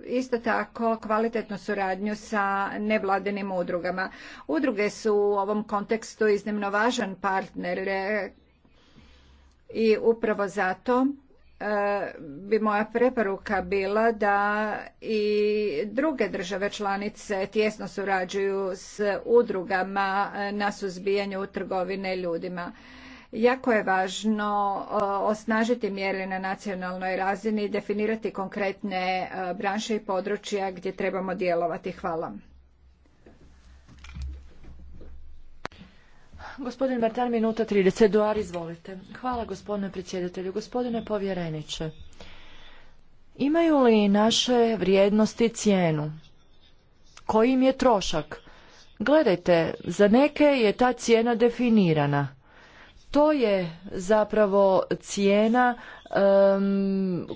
isto tako kvalitetnu suradnju sa nevladinim udrugama. Udruge su u ovom kontekstu iznimno važan partner i upravo zato E, bi moja preporuka bila da i druge države članice tjesno surađuju s udrugama e, na suzbijanju trgovine ljudima. Jako je važno e, osnažiti mjere na nacionalnoj razini i definirati konkretne branše i područja gdje trebamo djelovati. Hvala. Gospodin Martan, minuta 30. Duar, izvolite. Hvala gospodine predsjedatelju. Gospodine povjereniče, imaju li naše vrijednosti cijenu? Koji je trošak? Gledajte, za neke je ta cijena definirana. To je zapravo cijena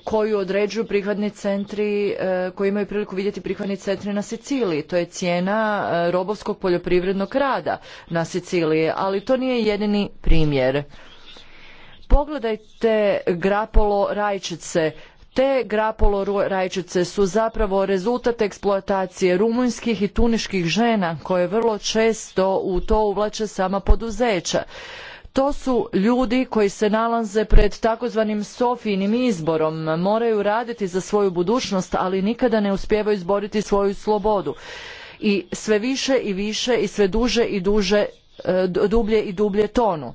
koju određuju prihvatni centri e, koji imaju priliku vidjeti prihvatni centri na Siciliji. To je cijena e, robovskog poljoprivrednog rada na Siciliji, ali to nije jedini primjer. Pogledajte grapolo rajčice. Te grapolo rajčice su zapravo rezultat eksploatacije rumunjskih i tuniških žena koje vrlo često u to uvlače sama poduzeća to su ljudi koji se nalaze pred takozvanim sofijinim izborom moraju raditi za svoju budućnost ali nikada ne uspijevaju izboriti svoju slobodu i sve više i više i sve duže i duže e, dublje i dublje tonu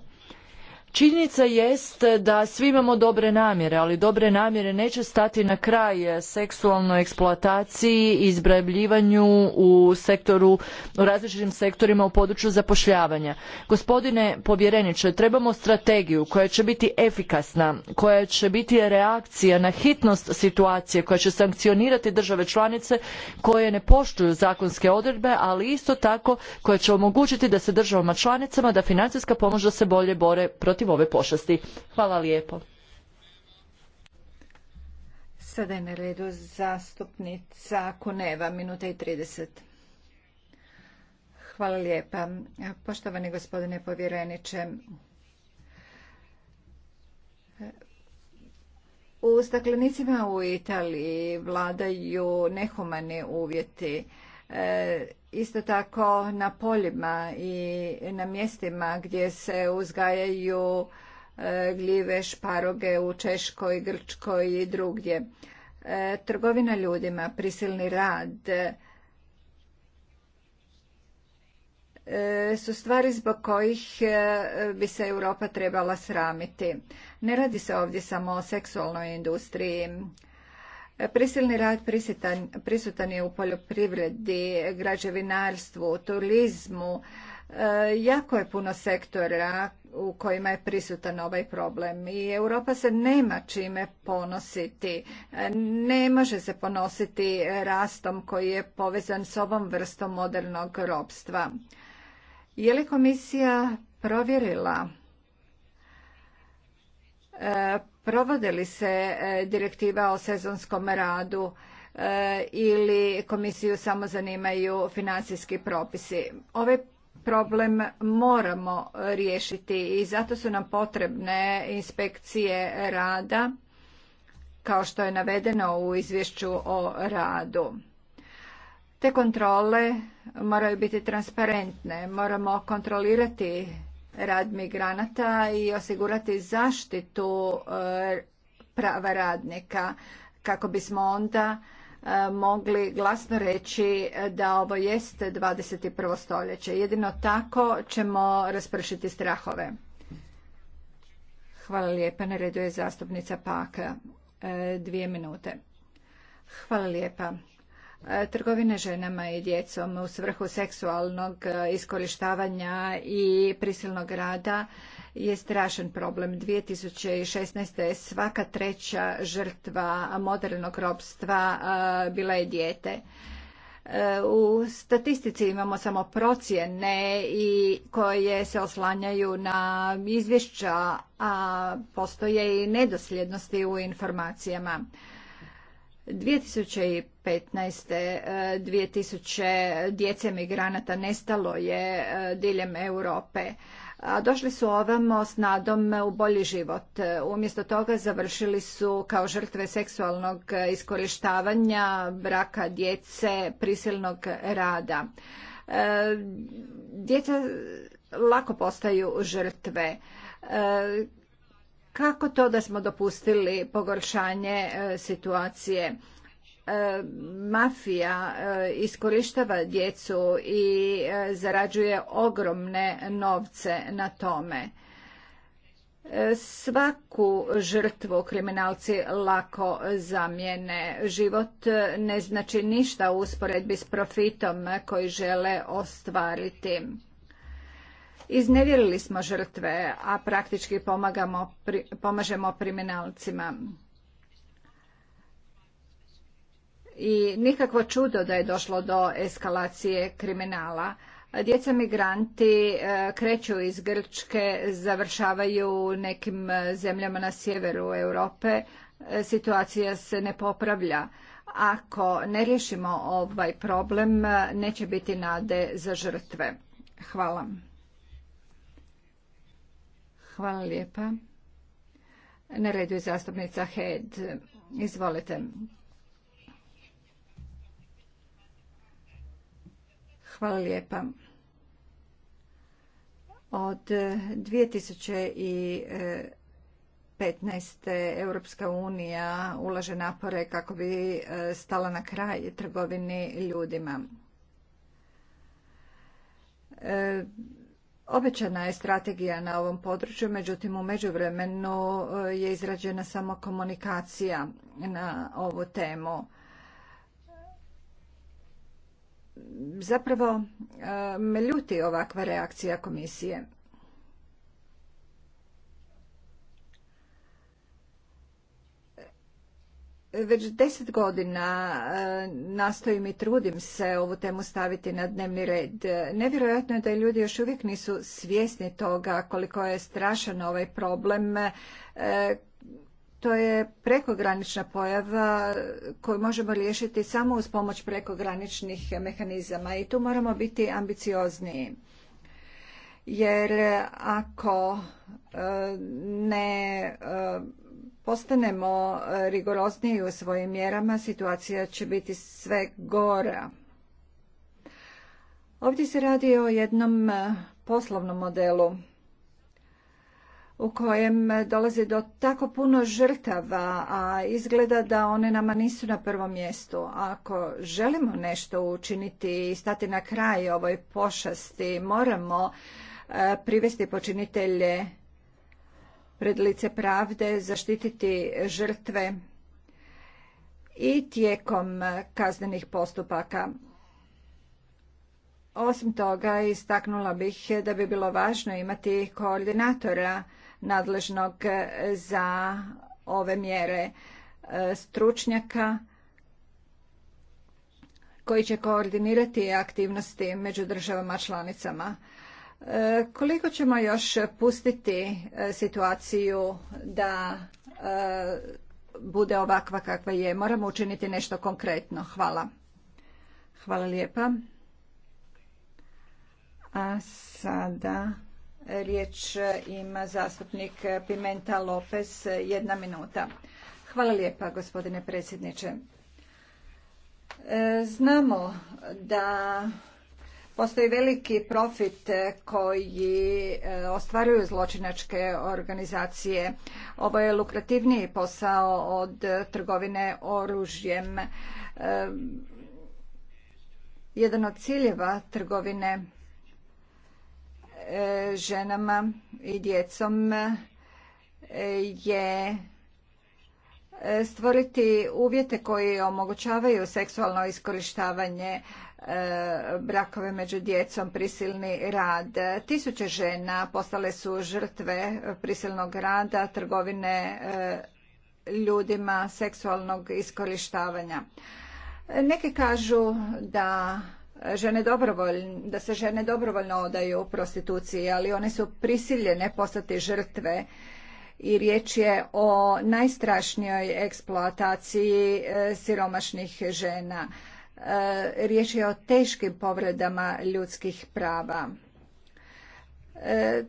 Činjenica jest da svi imamo dobre namjere, ali dobre namjere neće stati na kraj seksualnoj eksploataciji i izbrajbljivanju u sektoru, u različitim sektorima u području zapošljavanja. Gospodine povjereniče, trebamo strategiju koja će biti efikasna, koja će biti reakcija na hitnost situacije, koja će sankcionirati države članice koje ne poštuju zakonske odredbe, ali isto tako koja će omogućiti da se državama članicama da financijska pomoć se bolje bore protiv protiv ove pošasti. Hvala lijepo. Sada je na redu zastupnica Kuneva, minuta i 30. Hvala lijepa. Poštovani gospodine povjereniče, u staklenicima u Italiji vladaju nehumani uvjeti. E, isto tako na poljima i na mjestima gdje se uzgajaju e, gljive, šparoge u Češkoj, Grčkoj i drugdje. E, trgovina ljudima, prisilni rad su stvari zbog kojih bi se Europa trebala sramiti. Ne radi se ovdje samo o seksualnoj industriji Prisilni rad prisutan, prisutan je u poljoprivredi, građevinarstvu, turizmu. E, jako je puno sektora u kojima je prisutan ovaj problem i Europa se nema čime ponositi. E, ne može se ponositi rastom koji je povezan s ovom vrstom modernog robstva. Je li komisija provjerila e, provode li se e, direktiva o sezonskom radu e, ili komisiju samo zanimaju financijski propisi. Ovaj problem moramo riješiti i zato su nam potrebne inspekcije rada kao što je navedeno u izvješću o radu. Te kontrole moraju biti transparentne, moramo kontrolirati rad migranata i osigurati zaštitu e, prava radnika kako bismo onda e, mogli glasno reći da ovo jest 21. stoljeće. Jedino tako ćemo raspršiti strahove. Hvala lijepa. Na redu je zastupnica Paka. E, dvije minute. Hvala lijepa trgovine ženama i djecom u svrhu seksualnog e, iskorištavanja i prisilnog rada je strašan problem. 2016. svaka treća žrtva modernog robstva e, bila je dijete. E, u statistici imamo samo procjene i koje se oslanjaju na izvješća, a postoje i nedosljednosti u informacijama. 2015. 2000 eh, djece migranata nestalo je eh, diljem Europe. A došli su ovamo s nadom u bolji život. Umjesto toga završili su kao žrtve seksualnog iskorištavanja, braka djece, prisilnog rada. Eh, djeca lako postaju žrtve kako to da smo dopustili pogoršanje e, situacije? E, mafija e, iskorištava djecu i zarađuje ogromne novce na tome. Svaku žrtvu kriminalci lako zamijene. Život ne znači ništa u usporedbi s profitom koji žele ostvariti. Iznevjerili smo žrtve, a praktički pomažemo kriminalcima. I nikakvo čudo da je došlo do eskalacije kriminala. Djeca migranti e, kreću iz Grčke, završavaju u nekim zemljama na sjeveru Europe. E, situacija se ne popravlja. Ako ne riješimo ovaj problem, neće biti nade za žrtve. Hvala. Hvala lijepa. Na redu je zastupnica HED. Izvolite. Hvala lijepa. Od 2015. Europska unija ulaže napore kako bi e, stala na kraj trgovini ljudima. E, Obećana je strategija na ovom području, međutim u međuvremenu e, je izrađena samo komunikacija na ovu temu. Zapravo e, me ljuti ovakva reakcija komisije. Već deset godina e, nastojim i trudim se ovu temu staviti na dnevni red. Nevjerojatno je da ljudi još uvijek nisu svjesni toga koliko je strašan ovaj problem. E, to je prekogranična pojava koju možemo riješiti samo uz pomoć prekograničnih mehanizama i tu moramo biti ambiciozniji jer ako e, ne e, postanemo rigorozniji u svojim mjerama, situacija će biti sve gora. Ovdje se radi o jednom e, poslovnom modelu u kojem dolazi do tako puno žrtava, a izgleda da one nama nisu na prvom mjestu. Ako želimo nešto učiniti i stati na kraj ovoj pošasti, moramo E, privesti počinitelje pred lice pravde, zaštititi žrtve i tijekom kaznenih postupaka. Osim toga, istaknula bih da bi bilo važno imati koordinatora nadležnog za ove mjere e, stručnjaka koji će koordinirati aktivnosti među državama članicama. E, koliko ćemo još pustiti e, situaciju da e, bude ovakva kakva je? Moramo učiniti nešto konkretno. Hvala. Hvala lijepa. A sada riječ ima zastupnik Pimenta Lopez. Jedna minuta. Hvala lijepa gospodine predsjedniče. Znamo da Postoji veliki profit e, koji e, ostvaruju zločinačke organizacije. Ovo je lukrativniji posao od trgovine oružjem. E, jedan od ciljeva trgovine ženama i djecom je E, stvoriti uvjete koji omogućavaju seksualno iskorištavanje e, brakove među djecom, prisilni rad. Tisuće žena postale su žrtve prisilnog rada, trgovine e, ljudima, seksualnog iskorištavanja. Neki kažu da žene dobrovoljno, da se žene dobrovoljno odaju prostituciji, ali one su prisiljene postati žrtve i riječ je o najstrašnijoj eksploataciji e, siromašnih žena. E, riječ je o teškim povredama ljudskih prava. E,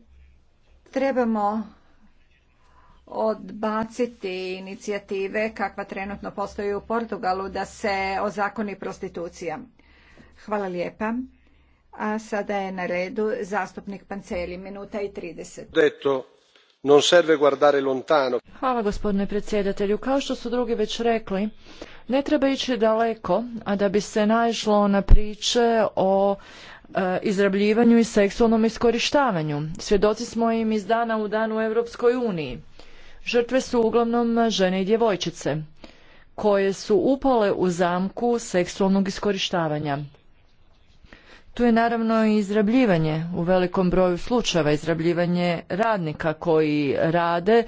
trebamo odbaciti inicijative kakva trenutno postoji u Portugalu da se ozakoni prostitucija. Hvala lijepa. A sada je na redu zastupnik Panceli, minuta i 30. Hvala gospodine predsjedatelju. Kao što su drugi već rekli, ne treba ići daleko, a da bi se naišlo na priče o e, izrabljivanju i seksualnom iskorištavanju. Svjedoci smo im iz dana u dan u Europskoj uniji. Žrtve su uglavnom žene i djevojčice koje su upale u zamku seksualnog iskorištavanja. Tu je naravno i izrabljivanje u velikom broju slučajeva, izrabljivanje radnika koji rade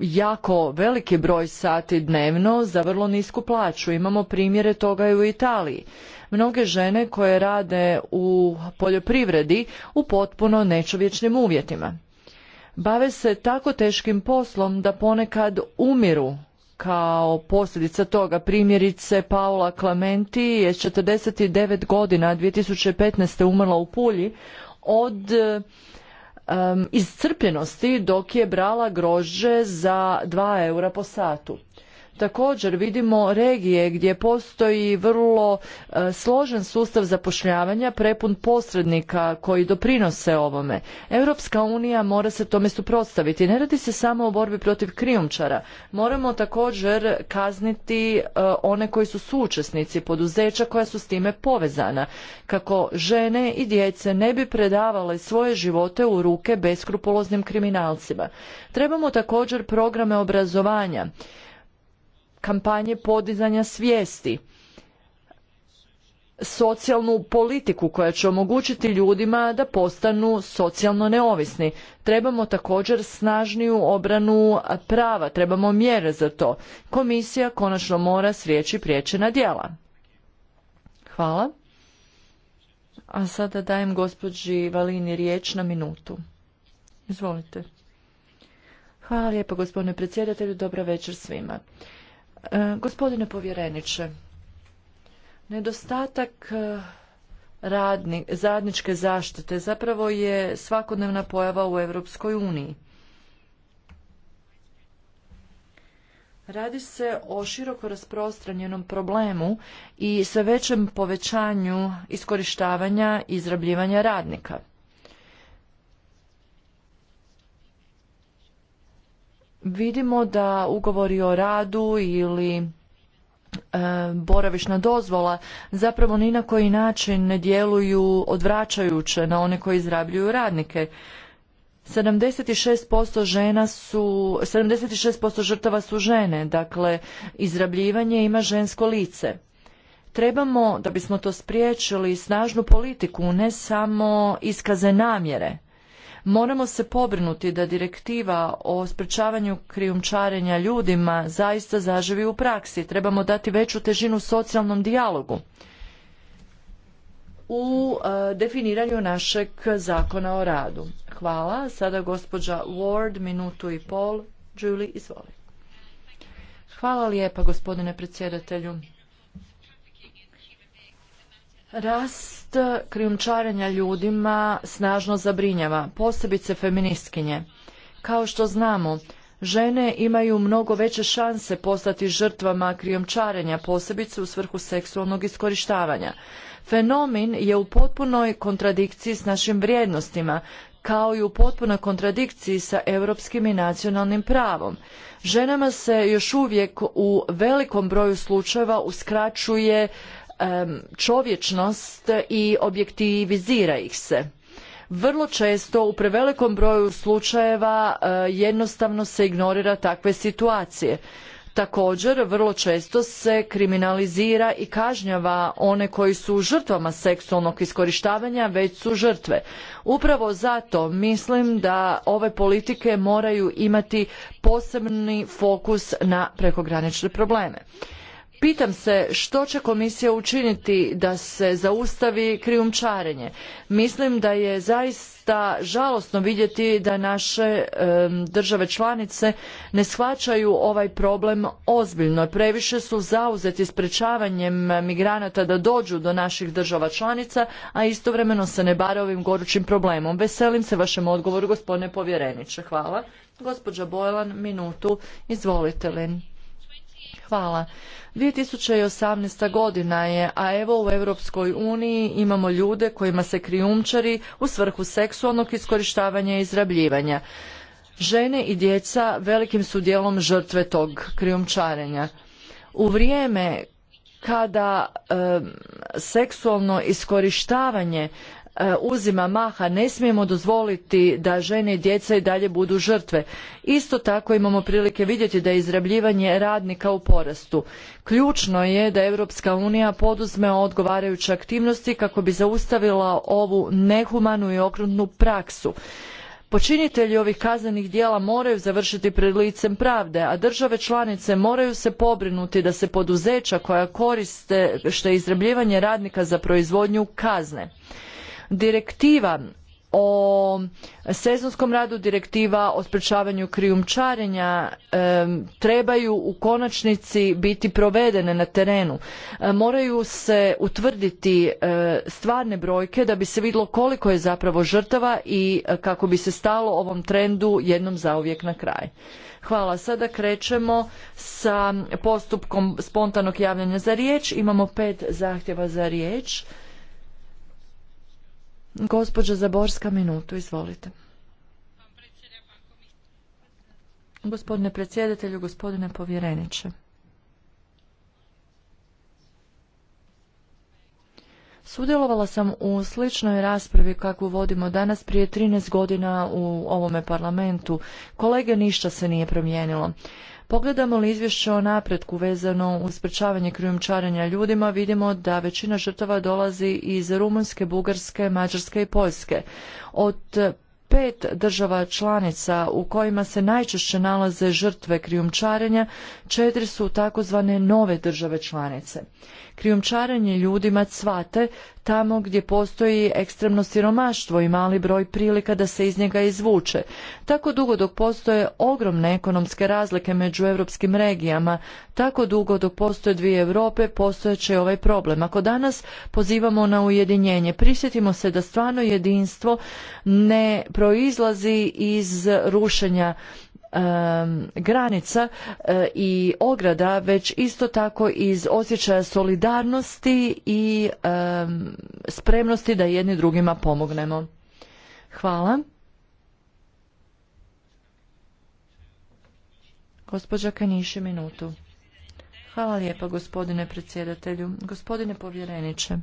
jako veliki broj sati dnevno za vrlo nisku plaću. Imamo primjere toga i u Italiji. Mnoge žene koje rade u poljoprivredi u potpuno nečovječnim uvjetima. Bave se tako teškim poslom da ponekad umiru kao posljedica toga. Primjerice Paula Clementi je 49 godina 2015. umrla u Pulji od um, iscrpljenosti dok je brala grože za 2 eura po satu. Također vidimo regije gdje postoji vrlo e, složen sustav zapošljavanja prepun posrednika koji doprinose ovome. Europska unija mora se tome suprotstaviti. Ne radi se samo o borbi protiv krijumčara. Moramo također kazniti e, one koji su sučesnici poduzeća koja su s time povezana kako žene i djece ne bi predavale svoje živote u ruke beskrupuloznim kriminalcima. Trebamo također programe obrazovanja kampanje podizanja svijesti, socijalnu politiku koja će omogućiti ljudima da postanu socijalno neovisni. Trebamo također snažniju obranu prava, trebamo mjere za to. Komisija konačno mora sriječi priječena djela. Hvala. A sada dajem gospođi Valini riječ na minutu. Izvolite. Hvala lijepo gospodine predsjedatelju, dobra večer svima. E, gospodine povjereniče, nedostatak e, radni, zajedničke zaštite zapravo je svakodnevna pojava u Europskoj uniji. Radi se o široko rasprostranjenom problemu i sve većem povećanju iskorištavanja i izrabljivanja radnika. vidimo da ugovori o radu ili e, boravišna dozvola zapravo ni na koji način ne djeluju odvraćajuće na one koji izrabljuju radnike. 76% žena su, 76% žrtava su žene, dakle izrabljivanje ima žensko lice. Trebamo, da bismo to spriječili, snažnu politiku, ne samo iskaze namjere Moramo se pobrinuti da direktiva o sprečavanju krijumčarenja ljudima zaista zaživi u praksi. Trebamo dati veću težinu socijalnom dijalogu u e, definiranju našeg zakona o radu. Hvala. Sada gospođa Ward, minutu i pol. Julie, izvoli. Hvala lijepa gospodine predsjedatelju. Rast krijumčarenja ljudima snažno zabrinjava, posebice feministkinje. Kao što znamo, žene imaju mnogo veće šanse postati žrtvama krijumčarenja, posebice u svrhu seksualnog iskorištavanja. Fenomen je u potpunoj kontradikciji s našim vrijednostima, kao i u potpunoj kontradikciji sa europskim i nacionalnim pravom. Ženama se još uvijek u velikom broju slučajeva uskraćuje čovječnost i objektivizira ih se vrlo često u prevelikom broju slučajeva e, jednostavno se ignorira takve situacije također vrlo često se kriminalizira i kažnjava one koji su žrtvama seksualnog iskorištavanja već su žrtve upravo zato mislim da ove politike moraju imati posebni fokus na prekogranične probleme Pitam se što će komisija učiniti da se zaustavi krijumčarenje. Mislim da je zaista žalosno vidjeti da naše države članice ne shvaćaju ovaj problem ozbiljno. Previše su zauzeti sprečavanjem migranata da dođu do naših država članica, a istovremeno se ne bave ovim gorućim problemom. Veselim se vašem odgovoru, gospodine povjereniče. Hvala. Gospođa Bojlan, minutu. Izvolite, Hvala. 2018. godina je, a evo u Europskoj uniji imamo ljude kojima se krijumčari u svrhu seksualnog iskorištavanja i izrabljivanja. Žene i djeca velikim su dijelom žrtve tog krijumčarenja. U vrijeme kada seksualno iskorištavanje E, uzima maha. Ne smijemo dozvoliti da žene i djeca i dalje budu žrtve. Isto tako imamo prilike vidjeti da je izrabljivanje radnika u porastu. Ključno je da Europska unija poduzme odgovarajuće aktivnosti kako bi zaustavila ovu nehumanu i okrutnu praksu. Počinitelji ovih kaznenih djela moraju završiti pred licem pravde, a države članice moraju se pobrinuti da se poduzeća koja koriste što je izrabljivanje radnika za proizvodnju kazne direktiva o sezonskom radu direktiva o sprečavanju krijumčarenja trebaju u konačnici biti provedene na terenu e, moraju se utvrditi e, stvarne brojke da bi se vidjelo koliko je zapravo žrtava i e, kako bi se stalo ovom trendu jednom zauvijek na kraj hvala sada krećemo sa postupkom spontanog javljanja za riječ imamo pet zahtjeva za riječ Gospođa Zaborska, minutu, izvolite. Gospodine predsjedatelju, gospodine povjereniče. Sudjelovala sam u sličnoj raspravi kakvu vodimo danas prije 13 godina u ovome parlamentu. Kolege, ništa se nije promijenilo. Pogledamo li izvješće o napretku vezano uz sprečavanje krijumčarenja ljudima, vidimo da većina žrtava dolazi iz Rumunjske, Bugarske, Mađarske i Poljske. Od pet država članica u kojima se najčešće nalaze žrtve krijumčarenja, četiri su takozvane nove države članice krijumčarenje ljudima cvate tamo gdje postoji ekstremno siromaštvo i mali broj prilika da se iz njega izvuče. Tako dugo dok postoje ogromne ekonomske razlike među europskim regijama, tako dugo dok postoje dvije Europe, postojeće ovaj problem. Ako danas pozivamo na ujedinjenje, prisjetimo se da stvarno jedinstvo ne proizlazi iz rušenja granica e, i ograda već isto tako iz osjećaja solidarnosti i spremnosti da jedni drugima pomognemo. Hvala. Gospođa Kaniši, minutu. Hvala lijepa, gospodine predsjedatelju. Gospodine povjereniče.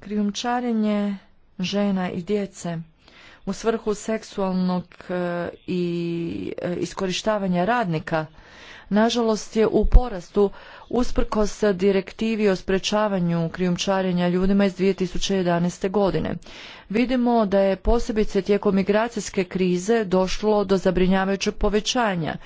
Krijumčarenje žena i djece u svrhu seksualnog e, i e, iskorištavanja radnika nažalost je u porastu usprkos direktivi o sprečavanju krijumčarenja ljudima iz 2011. godine. Vidimo da je posebice tijekom migracijske krize došlo do zabrinjavajućeg povećanja.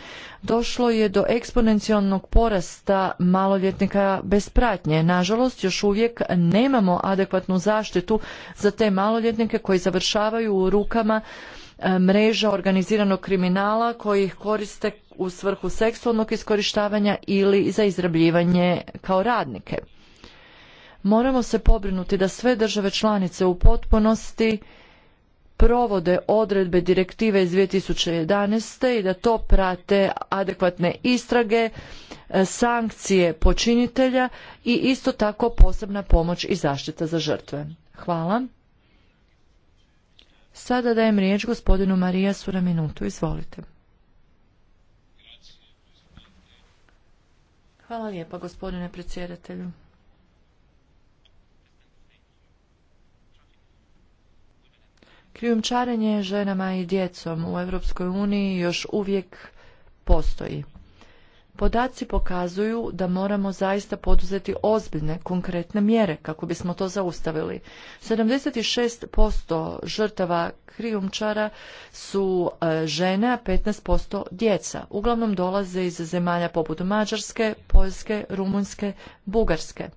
Došlo je do eksponencijalnog porasta maloljetnika bez pratnje. Nažalost, još uvijek nemamo adekvatnu zaštitu za te maloljetnike koji završavaju u rukama E, mreža organiziranog kriminala koji ih koriste u svrhu seksualnog iskorištavanja ili za izrabljivanje kao radnike. Moramo se pobrinuti da sve države članice u potpunosti provode odredbe direktive iz 2011. i da to prate adekvatne istrage, e, sankcije počinitelja i isto tako posebna pomoć i zaštita za žrtve. Hvala. Sada dajem riječ gospodinu Marija minutu. Izvolite. Hvala lijepa gospodine predsjedatelju. Krijumčarenje ženama i djecom u EU uniji još uvijek postoji. Podaci pokazuju da moramo zaista poduzeti ozbiljne, konkretne mjere kako bismo to zaustavili. 76% žrtava krijumčara su e, žene, a 15% djeca. Uglavnom dolaze iz zemalja poput Mađarske, Poljske, Rumunjske, Bugarske.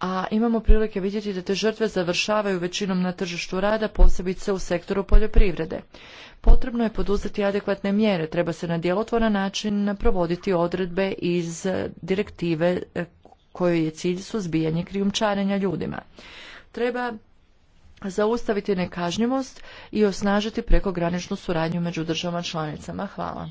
a imamo prilike vidjeti da te žrtve završavaju većinom na tržištu rada, posebice u sektoru poljoprivrede. Potrebno je poduzeti adekvatne mjere, treba se na djelotvoran način provoditi odredbe iz direktive e, kojoj je cilj suzbijanje krijumčarenja ljudima. Treba zaustaviti nekažnjivost i osnažiti prekograničnu suradnju među državama članicama. Hvala.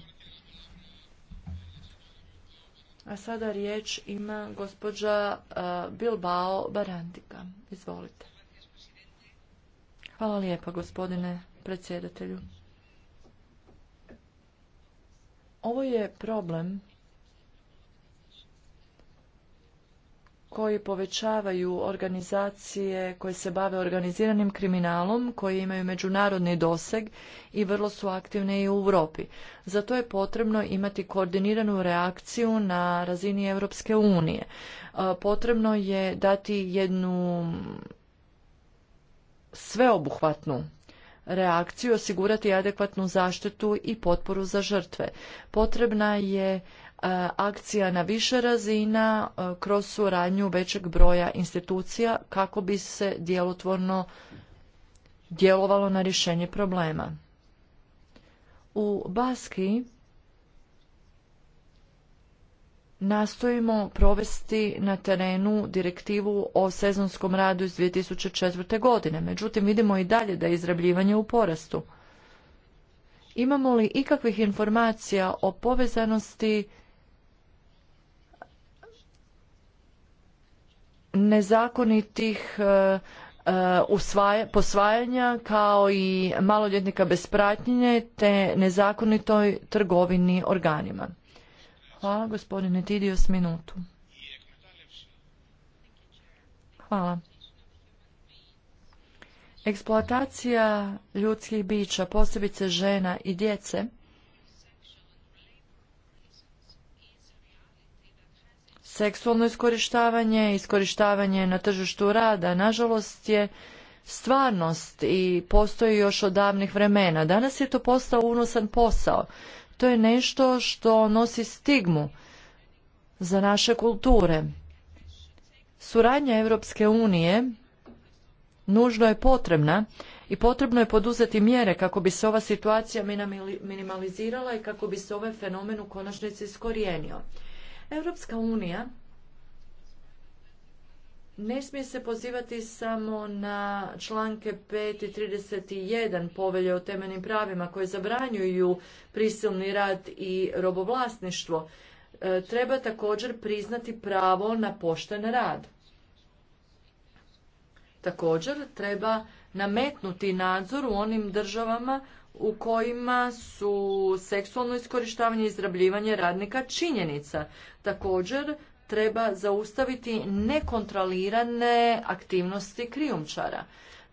A sada riječ ima gospođa e, Bilbao Barandika. Izvolite. Hvala lijepa gospodine predsjedatelju. Ovo je problem koji povećavaju organizacije koje se bave organiziranim kriminalom, koji imaju međunarodni doseg i vrlo su aktivne i u Europi. Zato je potrebno imati koordiniranu reakciju na razini Europske unije. E, potrebno je dati jednu sveobuhvatnu reakciju, osigurati adekvatnu zaštitu i potporu za žrtve. Potrebna je E, akcija na više razina e, kroz suradnju većeg broja institucija kako bi se djelotvorno djelovalo na rješenje problema. U Baski nastojimo provesti na terenu direktivu o sezonskom radu iz 2004. godine. Međutim, vidimo i dalje da je izrabljivanje u porastu. Imamo li ikakvih informacija o povezanosti nezakonitih e, e, posvajanja kao i maloljetnika bez pratnje te nezakonitoj trgovini organima. Hvala gospodine Tidios minutu. Hvala. Eksploatacija ljudskih bića, posebice žena i djece, seksualno iskorištavanje, iskorištavanje na tržištu rada, nažalost je stvarnost i postoji još od davnih vremena. Danas je to postao unosan posao. To je nešto što nosi stigmu za naše kulture. Suradnja Europske unije nužno je potrebna i potrebno je poduzeti mjere kako bi se ova situacija minimalizirala i kako bi se ovaj fenomen u konačnici iskorijenio. Europska unija ne smije se pozivati samo na članke 5 i 31 povelje o temeljnim pravima koje zabranjuju prisilni rad i robovlasništvo. E, treba također priznati pravo na pošten rad. Također treba nametnuti nadzor u onim državama u kojima su seksualno iskorištavanje i izrabljivanje radnika činjenica. Također treba zaustaviti nekontrolirane aktivnosti krijumčara.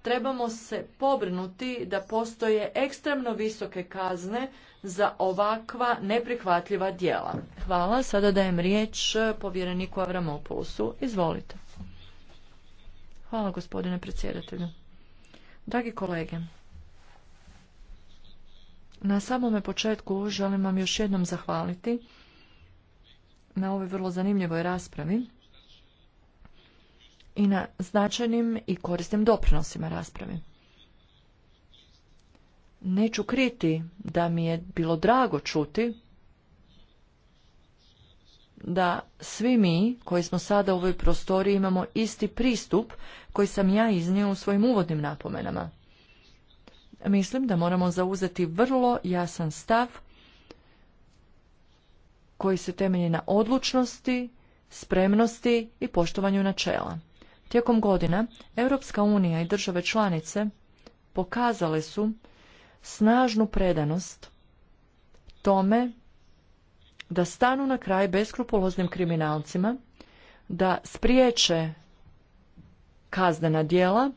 Trebamo se pobrinuti da postoje ekstremno visoke kazne za ovakva neprihvatljiva djela. Hvala. Sada dajem riječ povjereniku Avramopoulosu. Izvolite. Hvala gospodine predsjedatelju. Dragi kolege, na samome početku želim vam još jednom zahvaliti na ovoj vrlo zanimljivoj raspravi i na značajnim i korisnim doprinosima raspravi. Neću kriti da mi je bilo drago čuti da svi mi koji smo sada u ovoj prostoriji imamo isti pristup koji sam ja iznio u svojim uvodnim napomenama mislim da moramo zauzeti vrlo jasan stav koji se temelji na odlučnosti, spremnosti i poštovanju načela. Tijekom godina Europska unija i države članice pokazale su snažnu predanost tome da stanu na kraj beskrupuloznim kriminalcima, da spriječe kaznena djela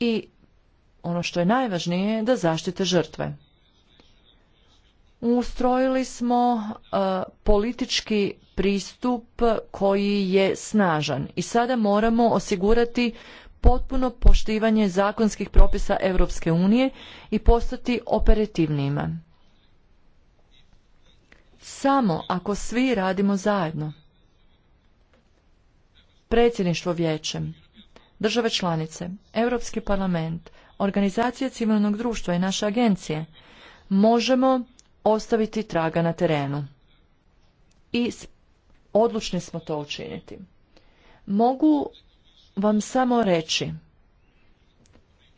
i ono što je najvažnije da zaštite žrtve. Ustrojili smo e, politički pristup koji je snažan i sada moramo osigurati potpuno poštivanje zakonskih propisa Europske unije i postati operativnijima. Samo ako svi radimo zajedno. Predsjedništvo vijećem, države članice, Europski parlament, organizacije civilnog društva i naše agencije možemo ostaviti traga na terenu. I odlučni smo to učiniti. Mogu vam samo reći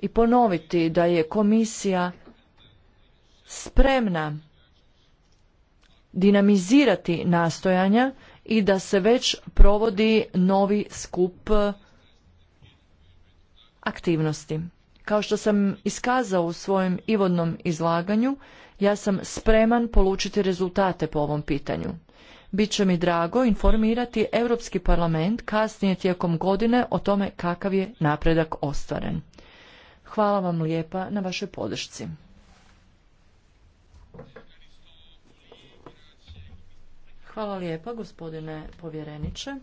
i ponoviti da je komisija spremna dinamizirati nastojanja i da se već provodi novi skup aktivnosti. Kao što sam iskazao u svojem ivodnom izlaganju, ja sam spreman polučiti rezultate po ovom pitanju. Biće mi drago informirati Europski parlament kasnije tijekom godine o tome kakav je napredak ostvaren. Hvala vam lijepa na vašoj podršci. Hvala lijepa gospodine povjereniče.